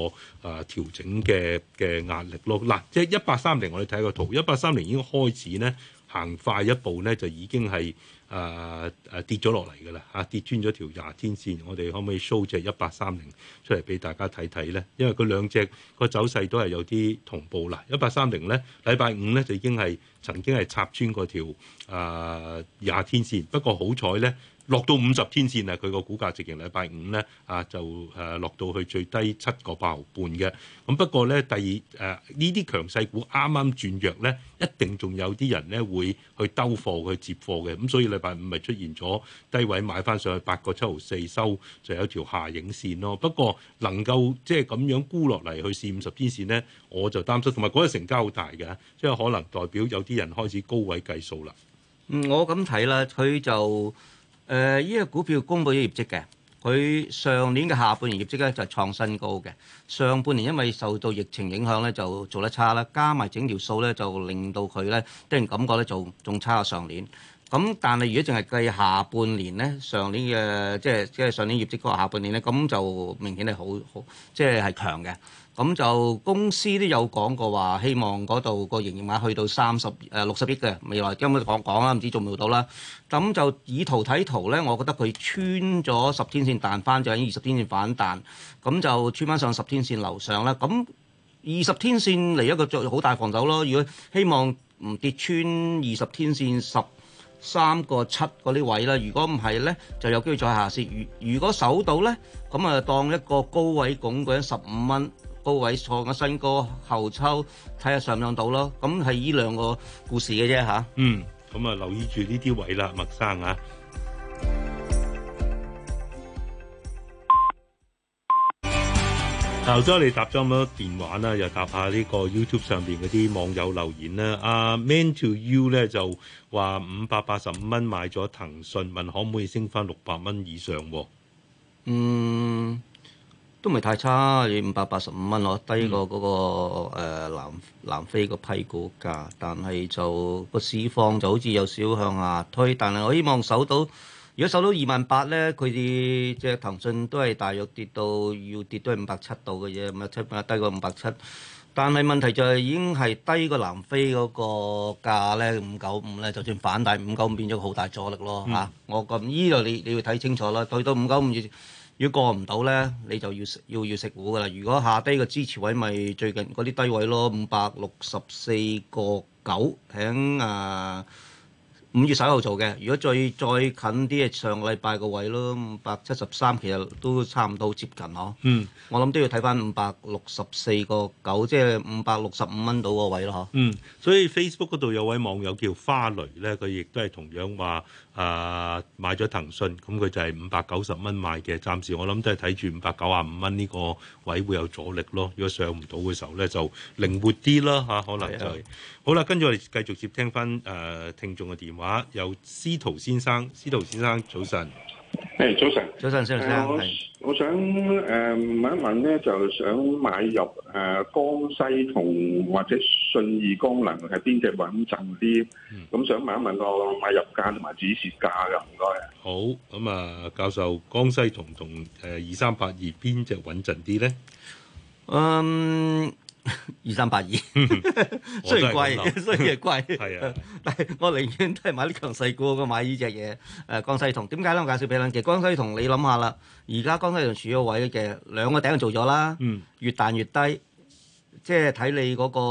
啊調整嘅嘅壓力咯。嗱、啊，即係一八三零，我哋睇個圖，一八三零已經開始咧行快一步咧，就已經係。誒誒、啊、跌咗落嚟㗎啦，嚇、啊、跌穿咗條廿天線，我哋可唔可以 show 隻一八三零出嚟俾大家睇睇咧？因為佢兩隻個走勢都係有啲同步啦。一八三零咧，禮拜五咧就已經係曾經係插穿過條誒廿天線，不過好彩咧。落到五十天線啊！佢個股價直情，禮拜五咧啊，就誒落、啊、到去最低七個八毫半嘅。咁不過咧，第二誒、啊、呢啲強勢股啱啱轉弱咧，一定仲有啲人咧會去兜貨去接貨嘅。咁所以禮拜五咪出現咗低位買翻上去八個七毫四收，就有條下影線咯。不過能夠即係咁樣沽落嚟去試五十天線咧，我就擔心同埋嗰日成交好大嘅，即係可能代表有啲人開始高位計數啦。嗯，我咁睇啦，佢就。誒呢個股票公布咗業績嘅，佢上年嘅下半年業績咧就係創新高嘅。上半年因為受到疫情影響咧，就做得差啦。加埋整條數咧，就令到佢咧啲人感覺咧就仲差過上年。咁但係如果淨係計下半年咧，上年嘅即係即係上年業績加下半年咧，咁就明顯係好好即係係強嘅。咁就公司都有講過話，希望嗰度個營業額去到三十誒六十億嘅未來。根本講講啦，唔知做唔做到啦。咁就以圖睇圖咧，我覺得佢穿咗十天線彈翻，就喺二十天線反彈。咁就穿翻上十天線樓上啦。咁二十天線嚟一個作好大防守咯。如果希望唔跌穿二十天線十三個七嗰啲位啦。如果唔係咧，就有機會再下線。如如果守到咧，咁啊當一個高位拱嗰十五蚊。高位錯嘅新高後抽睇下上唔上到咯，咁係呢兩個故事嘅啫吓，嗯，咁啊留意住呢啲位啦，麥生啊。頭先你哋答咗咁多電話啦，又答下呢個 YouTube 上邊嗰啲網友留言啦。啊，Man to You 咧就話五百八十五蚊買咗騰訊，問可唔可以升翻六百蚊以上喎？嗯。都唔係太差，你五百八十五蚊咯，低過嗰、那個南、嗯呃、南非個批股價，但係就個市況就好似有少向下推，但係我希望守到，如果守到二萬八咧，佢哋即係騰訊都係大約跌到要跌都係五百七度嘅嘢，咁啊七低過五百七，但係問題就係、是、已經係低過南非嗰個價咧，五九五咧，就算反彈五九五變咗好大阻力咯嚇、嗯啊，我咁呢度你你要睇清楚啦，去到五九五要。如果過唔到咧，你就要要要食糊㗎喇。如果下低個支持位咪，就是，最近嗰啲低位咯，五百六十四個九喺啊。呃五月十一號做嘅，如果再再近啲，上個禮拜個位咯，五百七十三其實都差唔多接近嗬。嗯，我諗都要睇翻五百六十四個九，即係五百六十五蚊到個位咯嗬。嗯，所以 Facebook 嗰度有位網友叫花蕾咧，佢亦都係同樣話，誒、呃、買咗騰訊，咁佢就係五百九十蚊買嘅。暫時我諗都係睇住五百九十五蚊呢個位會有阻力咯。如果上唔到嘅時候咧，就靈活啲啦嚇，可能就係。好啦，跟住我哋繼續接聽翻誒聽眾嘅電話，由司徒先生，司徒先生早晨。誒，早晨，hey, 早晨，早先生，好、uh,。我想誒問、uh, 一問咧，就想買入誒、uh, 江西銅或者信義光能係邊隻穩陣啲？咁、嗯、想問一問我買入價同埋指示價嘅，唔該。好咁啊，教授，江西銅同誒二三八二邊隻穩陣啲咧？嗯、um,。二三八二， 雖然貴貴， 雖然係貴， 是啊、 但係我寧願都係買啲強勢股，我買呢隻嘢。誒、呃，江西銅點解咧？我介紹俾你，其實江西銅你諗下啦，而家江西銅處咗位嘅兩個頂做咗啦，越彈越低，即係睇你嗰、那個誒、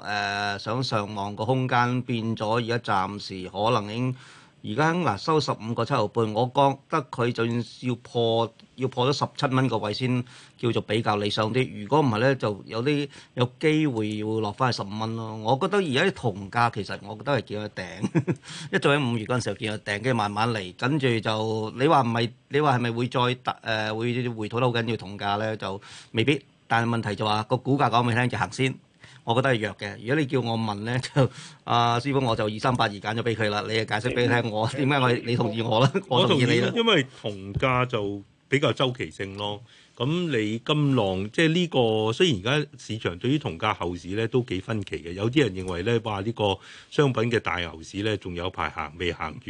呃、想上望個空間變咗，而家暫時可能已經。而家嗱收十五個七毫半，我覺得佢就算要破要破咗十七蚊個位先叫做比較理想啲。如果唔係咧，就有啲有機會要落翻去十五蚊咯。我覺得而家啲銅價其實我覺得係見到頂， 一早喺五月嗰陣時候見到頂，跟住慢慢嚟。跟住就你話唔係，你話係咪會再突誒、呃、會回吐得好緊要銅價咧？就未必。但係問題就話、是、個股價講俾你聽就行先。我覺得係弱嘅。如果你叫我問咧，就阿、啊、師傅，我就二三八二揀咗俾佢啦。你誒解釋俾佢聽我，我點解我你同意我啦？我同意你啦。因為銅價就比較周期性咯。咁你金浪即係、這、呢個，雖然而家市場對於銅價後市咧都幾分歧嘅。有啲人認為咧，哇呢、這個商品嘅大牛市咧仲有排行未行完。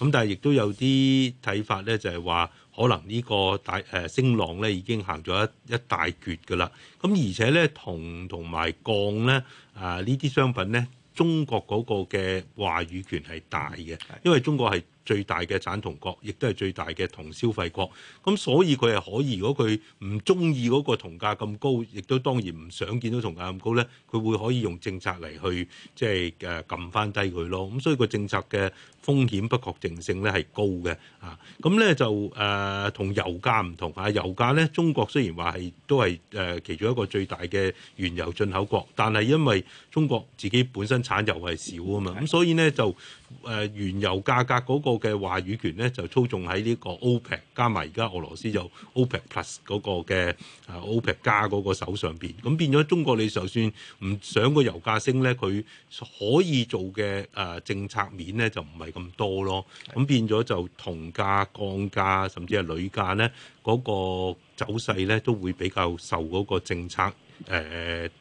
咁但係亦都有啲睇法咧，就係話。可能呢個大誒升浪咧已經行咗一一大橛㗎喇，咁而且咧銅同埋鋼咧啊，呢啲商品咧，中國嗰個嘅話語權係大嘅。的因為中國係。最大嘅產銅國，亦都係最大嘅銅消費國。咁所以佢係可以，如果佢唔中意嗰個銅價咁高，亦都當然唔想見到銅價咁高咧，佢會可以用政策嚟去即係誒撳翻低佢咯。咁所以個政策嘅風險不確定性咧係高嘅啊。咁咧就誒同油價唔同啊。油價咧，中國雖然話係都係誒、啊、其中一個最大嘅原油進口國，但係因為中國自己本身產油係少啊嘛，咁所以咧就。誒原油價格嗰個嘅話語權咧，就操縱喺呢個 OPEC 加埋而家俄羅斯有 OPEC Plus 嗰個嘅 OPEC 加嗰個手上邊，咁變咗中國你就算唔想個油價升咧，佢可以做嘅誒政策面咧就唔係咁多咯，咁變咗就同價、降價甚至係累價咧嗰個走勢咧都會比較受嗰個政策。誒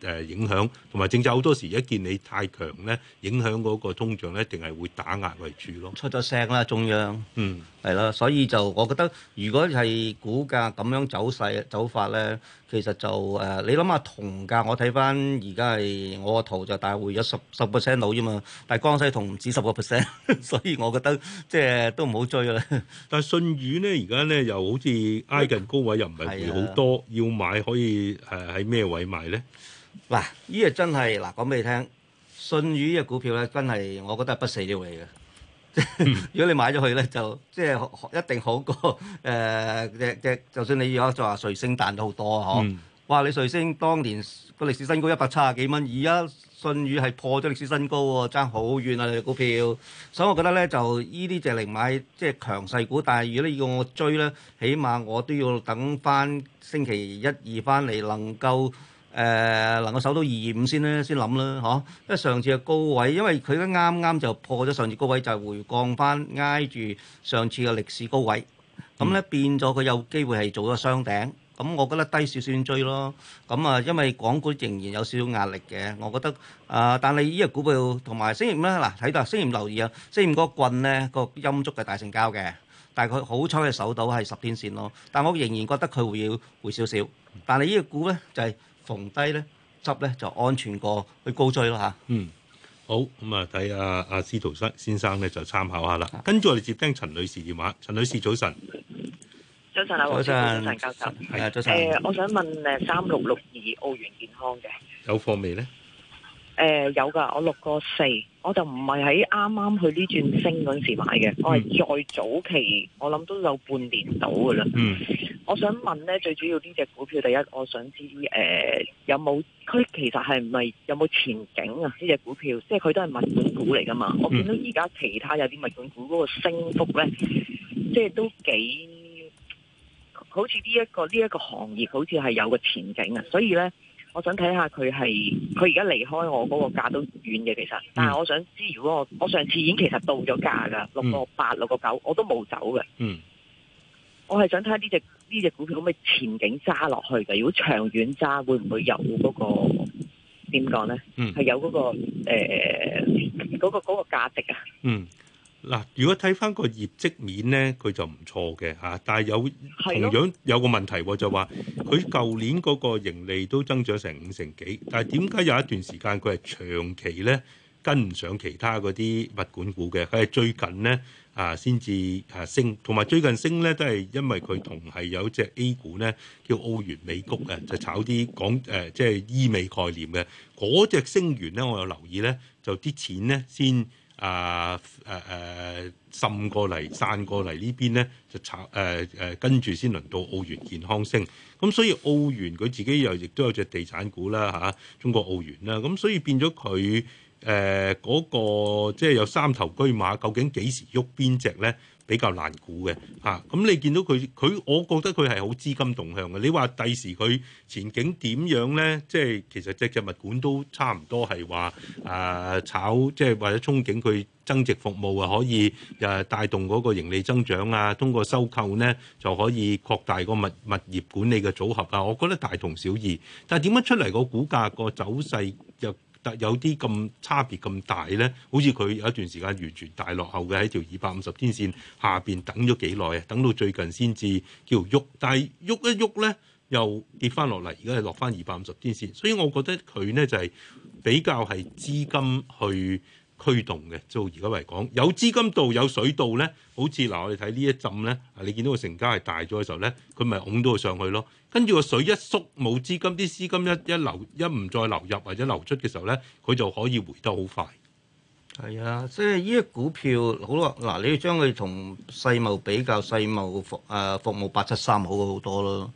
誒誒影響，同埋政策好多時一見你太強咧，影響嗰個通脹咧，一定係會打壓為主咯。出咗聲啦，中央。嗯，係啦，所以就我覺得，如果係股價咁樣走勢走法咧，其實就誒、呃，你諗下同價，我睇翻而家係我個圖就大回咗十十 percent 佬啫嘛，但係江西同唔止十個 percent，所以我覺得即係、就是、都唔好追啦。但係信譽咧，而家咧又好似挨近高位，又唔係回好多，的要買可以誒喺咩位？埋咧嗱，呢個、啊、真係嗱，講、啊、俾你聽，信宇嘅股票咧，真係我覺得係不死鳥嚟嘅。嗯、 如果你買咗去咧，就即係一定好過誒嘅嘅。就算你而家就話瑞星彈都好多啊，嗬、嗯！哇，你瑞星當年個歷史新高一百七十幾蚊，而家信宇係破咗歷史新高喎、哦，爭好遠啊！隻股票，所以我覺得咧，就依啲就嚟買，即、就、係、是、強勢股。但係如果你要我追咧，起碼我都要等翻星期一、二翻嚟，能夠。誒能夠守到二二五先咧，先諗啦，嗬。因為上次嘅高位，因為佢啱啱就破咗上次高位，就係回降翻挨住上次嘅歷史高位。咁咧變咗，佢有機會係做咗雙頂。咁我覺得低少少先追咯。咁啊，因為港股仍然有少少壓力嘅，我覺得啊，但係呢個股票同埋星期五咧嗱，睇到啊星期五留意啊，星期五個棍咧個陰燭係大成交嘅，大概好彩係守到係十天線咯。但我仍然覺得佢會要回少少，但係呢個股咧就係。逢低咧執咧就安全過去高追喇。吓。嗯，好，咁啊，睇下阿司徒生先生咧就參考下啦。跟住我哋接聽陳女士電話。陳女士早晨，早晨啊，早晨教授，早晨。誒，我想問誒三六六二澳元健康嘅有貨未咧？誒有噶，我六個四，我就唔係喺啱啱去呢轉升嗰陣時買嘅，我係再早期，我諗都有半年到噶啦。嗯。我想問咧，最主要呢隻股票，第一，我想知誒、呃、有冇佢其實係唔係有冇前景啊？呢隻股票，即係佢都係物管股嚟噶嘛？嗯、我見到而家其他有啲物管股嗰個升幅咧，即係都幾好似呢一個呢一個行業，好似係有個前景啊！所以咧，我想睇下佢係佢而家離開我嗰個價都遠嘅，其實，但係我想知，如果我我上次已經其實到咗價噶六個八六個九，我都冇走嘅。嗯，我係想睇下呢隻。呢隻股票咁嘅前景揸落去嘅？如果長遠揸，會唔會有嗰個點講咧？係有嗰個誒嗰個價值啊？嗯，嗱，如果睇翻個業績面咧，佢就唔錯嘅嚇，但係有同樣有個問題的就話佢舊年嗰個盈利都增長成五成幾，但係點解有一段時間佢係長期咧跟唔上其他嗰啲物管股嘅？佢係最近咧。啊，先至啊升，同埋最近升咧都係因為佢同係有隻 A 股咧叫澳元美谷嘅，就炒啲講誒，即係醫美概念嘅嗰隻升完咧，我有留意咧，就啲錢咧先啊誒誒、啊啊、滲過嚟，散過嚟呢邊咧就炒誒誒、啊啊，跟住先輪到澳元健康升。咁所以澳元佢自己又亦都有隻地產股啦嚇、啊，中國澳元啦，咁所以變咗佢。誒嗰、呃那個即係有三頭驅馬，究竟幾時喐邊隻咧比較難估嘅吓？咁、啊嗯、你見到佢佢，我覺得佢係好資金動向嘅。你話第時佢前景點樣咧？即係其實隻隻物管都差唔多係話誒炒，即係或者憧憬佢增值服務啊，可以誒帶動嗰個盈利增長啊。通過收購呢就可以擴大個物物業管理嘅組合啊。我覺得大同小異，但係點樣出嚟個股價、那個走勢又？但有啲咁差別咁大咧，好似佢有一段時間完全大落後嘅，喺條二百五十天線下邊等咗幾耐，等到最近先至叫喐，但係喐一喐咧又跌翻落嚟，而家係落翻二百五十天線，所以我覺得佢咧就係比較係資金去驅動嘅，就而家嚟講有資金度有水度咧，好似嗱我哋睇呢一浸咧，你見到個成交係大咗嘅時候咧，佢咪拱到佢上去咯。跟住個水一縮冇資金，啲資金一流一流一唔再流入或者流出嘅時候咧，佢就可以回得好快。係啊，即係呢隻股票好啦，嗱你要將佢同世茂比較，世茂服誒、呃、服務八七三好咗好多咯。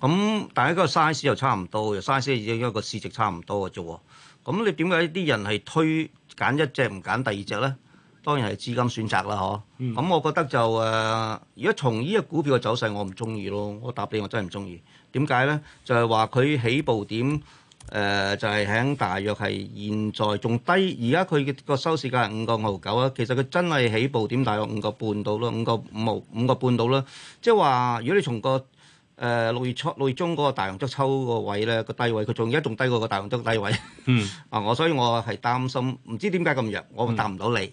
咁但係個 size 又差唔多，又 size 已經一個市值差唔多嘅啫。咁你點解啲人係推揀一隻唔揀第二隻咧？當然係資金選擇啦，嗬、嗯。咁、嗯、我覺得就誒，如、呃、果從呢個股票嘅走勢，我唔中意咯。我答你，我真係唔中意。點解咧？就係話佢起步點誒、呃，就係、是、喺大約係現在仲低。而家佢嘅個收市價五個五毫九啦，其實佢真係起步點大約五個半到啦，五個五毫五個半到啦。即係話，如果你從個誒六、呃、月初、六月中嗰個大陽燭抽個位咧，個低位佢仲而家仲低過個大陽燭低位。嗯。啊、 呃，我所以我係擔心，唔知點解咁弱，我答唔到你。嗯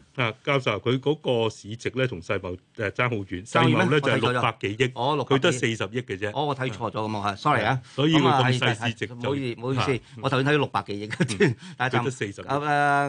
啊，教授，佢嗰個市值咧同世茂誒爭好遠，世茂咧就係六百幾億，佢得四十億嘅啫。哦，我睇錯咗咁啊，sorry 啊。所以咁細市值，唔好意唔好意思。我頭先睇到六百幾億，但係四十誒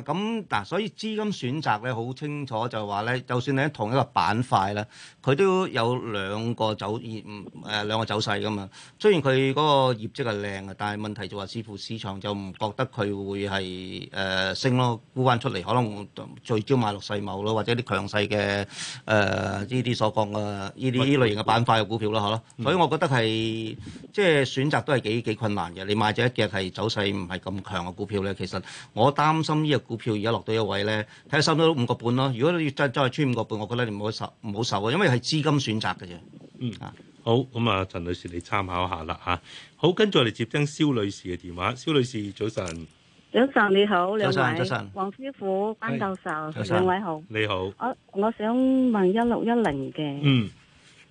咁嗱，所以資金選擇咧好清楚，就係話咧，就算你喺同一個板塊咧，佢都有兩個走業誒兩個走勢噶嘛。雖然佢嗰個業績係靚嘅，但係問題就話似乎市場就唔覺得佢會係誒升咯，沽翻出嚟，可能聚焦賣。世貿咯，或者啲強勢嘅誒呢啲所講嘅呢啲類型嘅板塊嘅股票咯，啦、嗯，所以我覺得係即係選擇都係幾幾困難嘅。你買咗一隻係走勢唔係咁強嘅股票咧，其實我擔心呢個股票而家落到一位咧，睇下收到五個半咯。如果你再再穿五個半，我覺得你唔好受唔好受啊，因為係資金選擇嘅啫。嗯，啊、好，咁啊，陳女士你參考下啦嚇、啊。好，跟住我哋接聽蕭女士嘅電話。蕭女士，早晨。先生你好，兩位黃師傅、關教授，兩是位好，你好。我我想問一六一零嘅，嗯，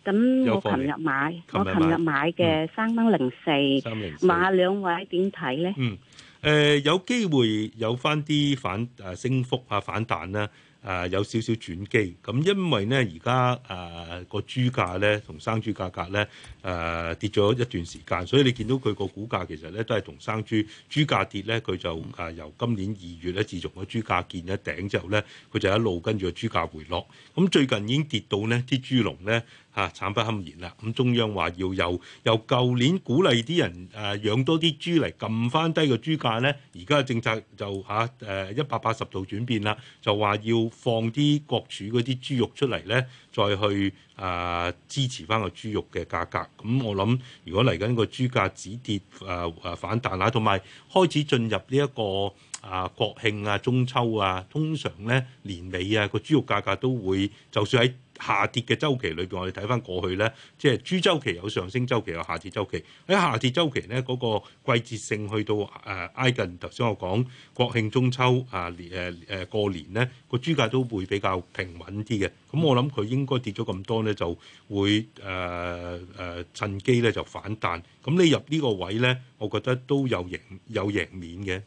咁我琴日買，否我琴日買嘅三蚊零四，三零四，買兩位點睇咧？嗯，誒、嗯呃，有機會有翻啲反誒、啊、升幅啊，反彈啦，誒有少少轉機。咁因為咧而家誒個豬價咧同生豬價格咧。誒、呃、跌咗一段時間，所以你見到佢個股價其實咧都係同生豬豬價跌咧，佢就誒、啊、由今年二月咧，自從個豬價見咗頂之後咧，佢就一路跟住個豬價回落。咁、嗯、最近已經跌到呢啲豬農咧嚇慘不堪言啦。咁中央話要由由舊年鼓勵啲人誒養、啊、多啲豬嚟撳翻低個豬價咧，而家嘅政策就嚇誒一百八十度轉變啦，就話要放啲國儲嗰啲豬肉出嚟咧，再去誒、啊、支持翻個豬肉嘅價格。咁、嗯、我諗，如果嚟緊個豬價止跌啊啊反彈啊，同埋開始進入呢、這、一個啊國慶啊中秋啊，通常咧年尾啊個豬肉價格都會，就算喺下跌嘅周期裏邊，我哋睇返過去咧，即係豬周期有上升周期有下跌周期。喺下跌周期咧，嗰、那個季節性去到誒、呃、挨近，頭先我講國慶中秋啊，誒、呃、誒、呃、過年咧，個豬價都會比較平穩啲嘅。咁我諗佢應該跌咗咁多咧，就會誒誒、呃呃、趁機咧就反彈。咁你入呢個位咧，我覺得都有贏有贏面嘅。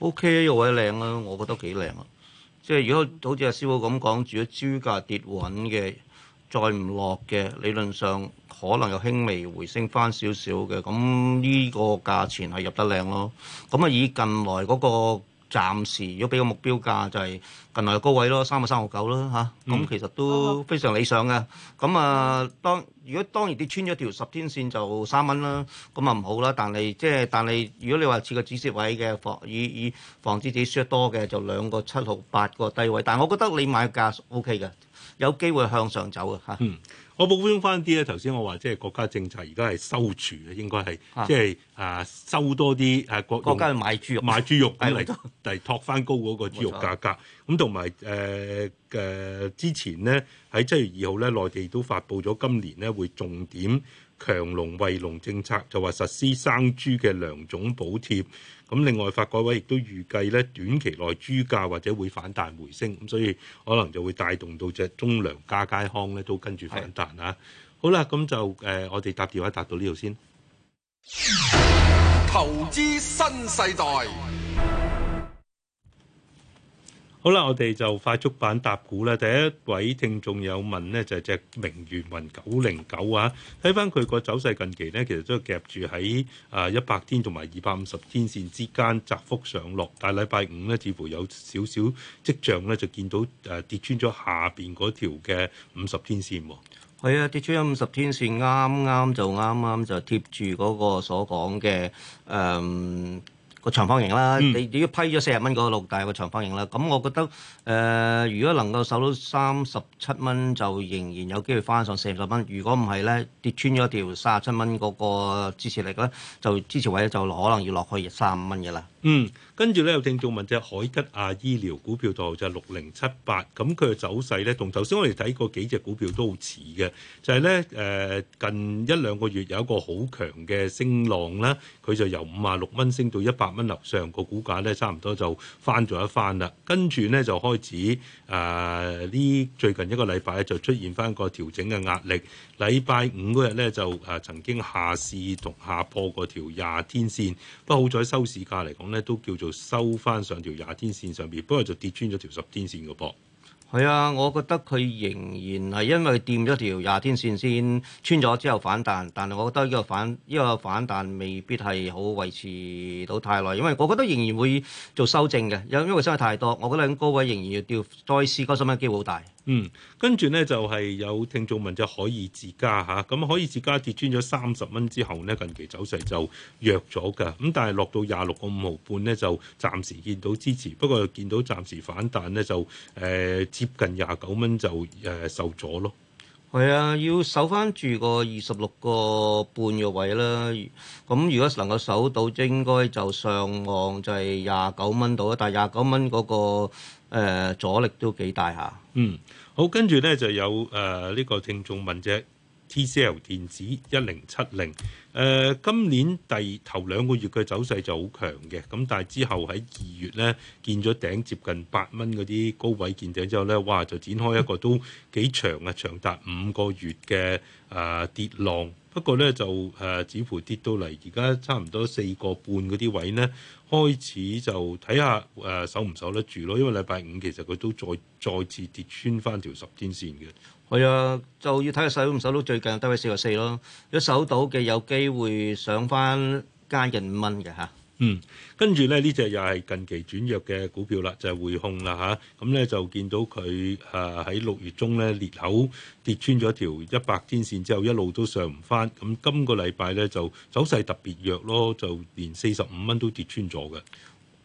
O K，又位靚啦，我覺得幾靚啊！即係如果好似阿師傅咁講，住咗豬價跌穩嘅，再唔落嘅，理論上可能有輕微回升翻少少嘅，咁呢個價錢係入得靚咯。咁啊，以近來嗰、那個。暫時如果俾個目標價就係近來高位咯，三個三毫九啦嚇，咁、嗯嗯、其實都非常理想嘅。咁、嗯嗯、啊，當如果當然跌穿咗條十天線就三蚊啦，咁啊唔好啦。但係即係但係如果你話設個止蝕位嘅防以以防止自己輸得多嘅，就兩個七毫八個低位。但係我覺得你買價 O K 嘅，有機會向上走嘅嚇。啊嗯我補充翻啲咧，頭先我話即係國家政策，而家係收儲嘅，應該係、啊、即係啊收多啲啊國國家買豬肉，買豬肉嚟嚟 托翻高嗰個豬肉價格。咁同埋誒嘅之前咧，喺七月二號咧，內地都發佈咗今年咧會重點強農惠農政策，就話實施生豬嘅良種補貼。咁另外，發改委亦都預計咧，短期內豬價或者會反彈回升，咁所以可能就會帶動到隻中糧家佳康咧，都跟住反彈的啊！好啦，咁就誒、呃，我哋搭電話搭到呢度先。投資新世代。好啦，我哋就快速版答股啦。第一位聽眾有問呢，就係隻明源雲九零九啊。睇返佢個走勢近期呢，其實都係夾住喺啊一百天同埋二百五十天線之間窄幅上落。但係禮拜五呢，似乎有少少跡象呢，就見到誒跌穿咗下邊嗰條嘅五十天線喎。係啊，跌穿咗五十天線，啱啱就啱啱就貼住嗰個所講嘅誒。嗯長嗯、個長方形啦，你只要批咗四十蚊嗰個六大個長方形啦，咁我覺得誒、呃，如果能夠守到三十七蚊，就仍然有機會翻上四十六蚊。如果唔係咧，跌穿咗條三十七蚊嗰個支持力咧，就支持位就可能要落去三十五蚊嘅啦。嗯，跟住咧有聽眾問隻海吉亞醫療股票代號就係六零七八，咁佢嘅走勢咧同頭先我哋睇過幾隻股票都好似嘅，就係咧誒近一兩個月有一個好強嘅升浪啦，佢就由五啊六蚊升到一百蚊樓上，個股價咧差唔多就翻咗一番啦。跟住咧就開始誒呢、呃、最近一個禮拜咧就出現翻個調整嘅壓力，禮拜五嗰日咧就誒、呃、曾經下市同下破過條廿天線，不過好在收市價嚟講。咧都叫做收翻上條廿天線上邊，不過就跌穿咗條十天線個波。係啊，我覺得佢仍然係因為掂咗條廿天線先穿咗之後反彈，但係我覺得呢個反呢個反彈未必係好維持到太耐，因為我覺得仍然會做修正嘅，因因為升得太多，我覺得喺高位仍然要跌，再試嗰個新聞機會好大。嗯，跟住呢，就係、是、有聽眾問就可以自家嚇，咁、啊、可以自家跌穿咗三十蚊之後咧，近期走勢就弱咗噶。咁但係落到廿六個五毫半呢，就暫時見到支持。不過見到暫時反彈呢，就誒、呃、接近廿九蚊就誒受阻咯。係啊，要守翻住個二十六個半嘅位啦。咁如果能夠守到，應該就上岸，就係廿九蚊度啦。但係廿九蚊嗰個、呃、阻力都幾大下。嗯。好，跟住咧就有誒呢、呃這個聽眾問者。TCL 電子一零七零，誒今年第頭兩個月嘅走勢就好強嘅，咁但係之後喺二月咧見咗頂接近八蚊嗰啲高位見頂之後咧，哇就展開一個都幾長啊，長達五個月嘅誒、呃、跌浪。不過咧就誒似乎跌到嚟，而家差唔多四個半嗰啲位咧開始就睇下誒、呃、守唔守得住咯。因為禮拜五其實佢都再再次跌穿翻條十天線嘅。係啊、嗯，就要睇下守唔守到最近低位四十四咯。如果守到嘅，有機會上翻加嘅五蚊嘅嚇。嗯，跟住咧呢隻又係近期轉弱嘅股票啦，就係匯控啦嚇。咁咧就見到佢誒喺六月中咧裂口跌穿咗條一百天線之後，一路都上唔翻。咁今個禮拜咧就走勢特別弱咯，就連四十五蚊都跌穿咗嘅。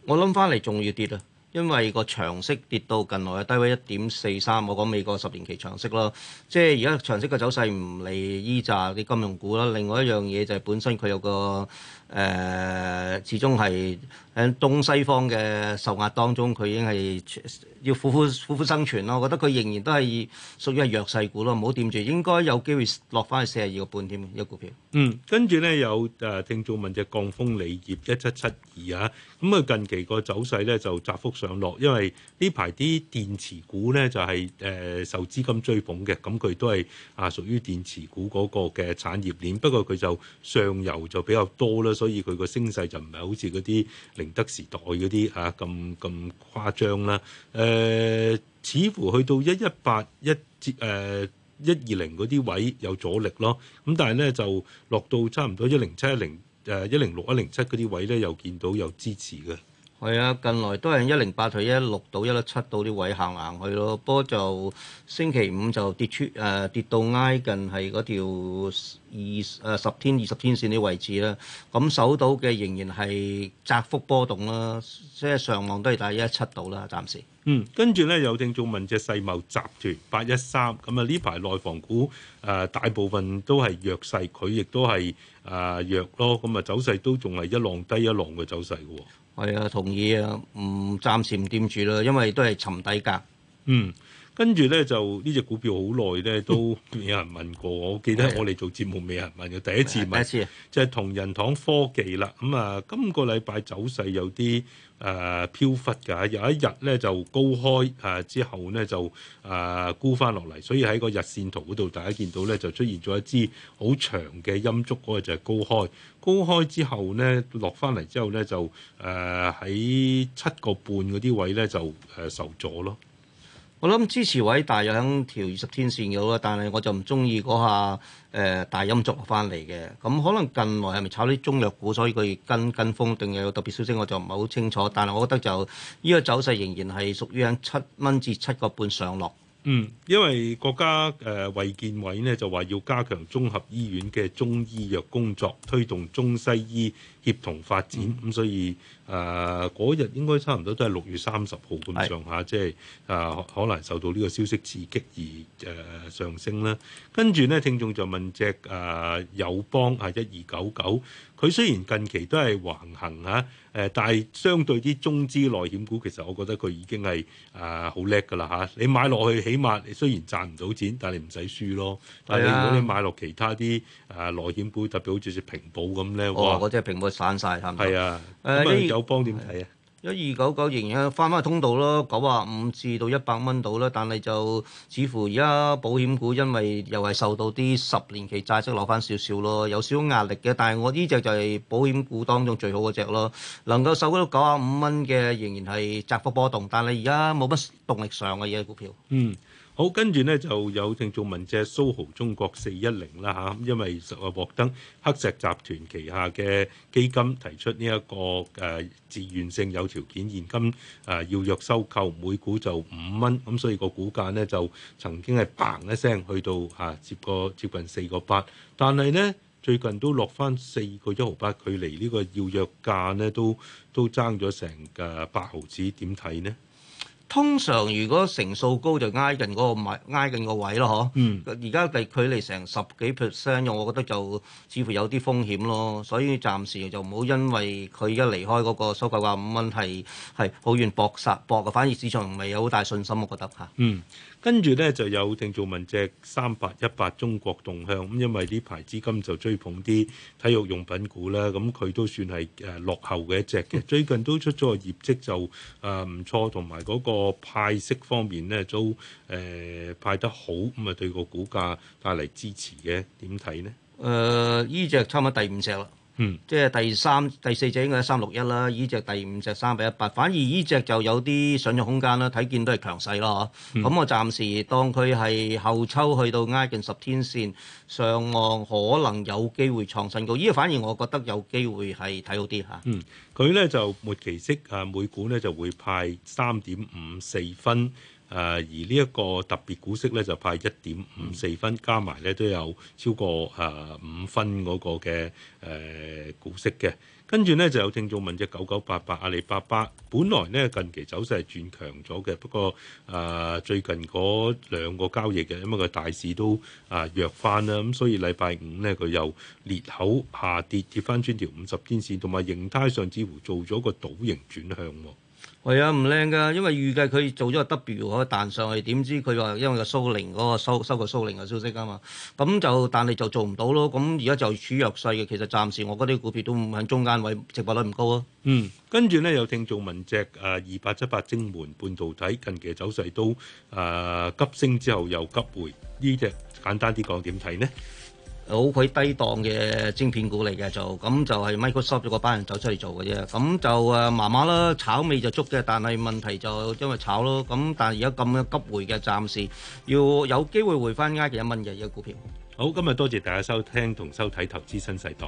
我諗翻嚟仲要跌啊！因為個長息跌到近來嘅低位一點四三，我講美國十年期長息咯，即係而家長息嘅走勢唔利依扎啲金融股啦。另外一樣嘢就係本身佢有個。誒，始終係喺東西方嘅受壓當中，佢已經係要苦苦苦苦生存咯。我覺得佢仍然都係以屬於弱勢股咯。唔好掂住，應該有機會落翻去四十二個半添嘅呢個股票。嗯，跟住咧有誒聽眾問隻贛鋒鋰業一七七二啊，咁、嗯、佢近期個走勢咧就窄幅上落，因為呢排啲電池股咧就係、是、誒、呃、受資金追捧嘅，咁、嗯、佢都係啊屬於電池股嗰個嘅產業鏈，不過佢就上游就比較多啦。所以佢個升勢就唔係好似嗰啲寧德時代嗰啲啊咁咁誇張啦。誒、呃，似乎去到一一八一至誒一二零嗰啲位有阻力咯。咁但係咧就落到差唔多一零七一零誒一零六一零七嗰啲位咧，又見到有支持嘅。係啊，近來都係一零八到一六到一六七到啲位行行去咯，不過就星期五就跌出誒、呃、跌到挨近係嗰條二誒十天二十天線啲位置啦。咁守到嘅仍然係窄幅波動啦，即係上望都係喺一七度啦，暫時。嗯，跟住咧有正做問隻世茂集團八一三，咁啊呢排內房股誒、呃、大部分都係弱勢，佢亦都係誒、呃、弱咯。咁啊走勢都仲係一浪低一浪嘅走勢嘅。係啊，同意啊，唔、嗯、暫時唔掂住啦，因為都係沉底價。嗯。跟住咧就呢隻股票好耐咧都有人問過，我記得我哋做節目未人問嘅第一次問，一次就係同仁堂科技啦。咁、嗯、啊，今個禮拜走勢有啲誒飄忽㗎，有一日咧就高開誒、啊、之後咧就誒、呃、沽翻落嚟，所以喺個日線圖嗰度，大家見到咧就出現咗一支好長嘅陰燭，嗰就係高開，高開之後咧落翻嚟之後咧就誒喺、呃、七個半嗰啲位咧就誒、呃、受阻咯。我諗支持位大約喺條二十天線嘅咯，但係我就唔中意嗰下誒、呃、大陰燭翻嚟嘅。咁、嗯、可能近來係咪炒啲中藥股，所以佢跟跟風，定係有特別消息，我就唔係好清楚。但係我覺得就呢、這個走勢仍然係屬於喺七蚊至七個半上落。嗯，因為國家誒衞健委呢就話要加強綜合醫院嘅中醫藥工作，推動中西醫。協同發展咁，所以誒嗰日應該差唔多都係六月三十號咁上下，的即係誒、呃、可能受到呢個消息刺激而誒、呃、上升啦。跟住咧，聽眾就問隻誒、呃、友邦啊，一二九九，佢雖然近期都係橫行嚇誒、啊，但係相對啲中資內險股，其實我覺得佢已經係誒好叻㗎啦嚇。你買落去起碼，你雖然賺唔到錢，但係你唔使輸咯。的但係如果你買落其他啲誒、啊、內險股，特別好似隻平保咁咧，我嗰隻平保。哇散晒，差唔多。係啊，咁啊，友邦點睇啊？一二九九仍然翻翻去通道咯，九啊五至到一百蚊到啦。但係就似乎而家保險股因為又係受到啲十年期債息攞翻少少咯，有少少壓力嘅。但係我呢隻就係保險股當中最好嗰隻咯，能夠受到九啊五蚊嘅，仍然係窄幅波動。但係而家冇乜動力上嘅嘢股票。嗯。好，跟住咧就有聽眾問隻蘇豪中國四一零啦嚇，因為實話獲得黑石集團旗下嘅基金提出呢、這、一個誒、呃、自願性有條件現金誒、呃、要約收購，每股就五蚊，咁、啊、所以個股價咧就曾經係嘭一聲去到嚇、啊、接個接近四個八，但係咧最近都落翻四個一毫八，距離呢、這個要約價咧都都爭咗成個八毫子，點睇呢？通常如果成數高就挨近嗰、嗰個挨近個位咯，嗬、嗯。而家離距離成十幾 percent，我覺得就似乎有啲風險咯。所以暫時就唔好因為佢而家離開嗰個收購價五蚊，係係好遠搏殺搏嘅，反而市場唔係有好大信心，我覺得嚇。嗯。跟住咧就有聽眾問隻三八一八中國動向咁，因為呢排資金就追捧啲體育用品股啦，咁佢都算係誒落後嘅一隻嘅。最近都出咗個業績就誒唔錯，同埋嗰個派息方面咧都誒、呃、派得好，咁啊對個股價帶嚟支持嘅，點睇呢？誒、呃，呢隻差唔多第五隻啦。嗯，即係第三、第四隻應該係三六一啦，呢隻第五隻三比一八，反而呢隻就有啲上漲空間啦，睇見都係強勢啦嚇。咁、嗯、我暫時當佢係後抽去到挨近十天線上岸，可能有機會創新高。呢個反而我覺得有機會係睇好啲嚇。啊、嗯，佢咧就末期息啊，每股咧就會派三點五四分。誒而呢一個特別股息咧就派一點五四分，加埋咧都有超過誒五、呃、分嗰個嘅誒、呃、股息嘅跟住咧就有聽眾問隻九九八八阿里巴巴，本來咧近期走勢係轉強咗嘅，不過誒、呃、最近嗰兩個交易嘅，因為個大市都誒、呃、弱翻啦，咁所以禮拜五咧佢又裂口下跌跌翻穿條五十天線，同埋形態上似乎做咗個倒形轉向。係啊，唔靚噶，因為預計佢做咗個 W 可彈上去，點知佢話因為個蘇寧嗰個收收購蘇寧嘅消息啊嘛，咁就但係就做唔到咯。咁而家就處弱勢嘅，其實暫時我覺得啲股票都唔喺中間位，直殖率唔高啊。嗯，跟住咧又聽眾問隻誒二八七八晶門半導體近期走勢都誒、呃、急升之後又急回，呢隻簡單啲講點睇呢？好鬼低檔嘅晶片股嚟嘅，就咁就係 Microsoft 嗰班人走出嚟做嘅啫，咁就誒麻麻啦，炒味就足嘅，但係問題就因為炒咯，咁但係而家咁樣急回嘅，暫時要有機會回翻挨嘅一蚊嘅一股票。好，今日多謝大家收聽同收睇《投資新世代》。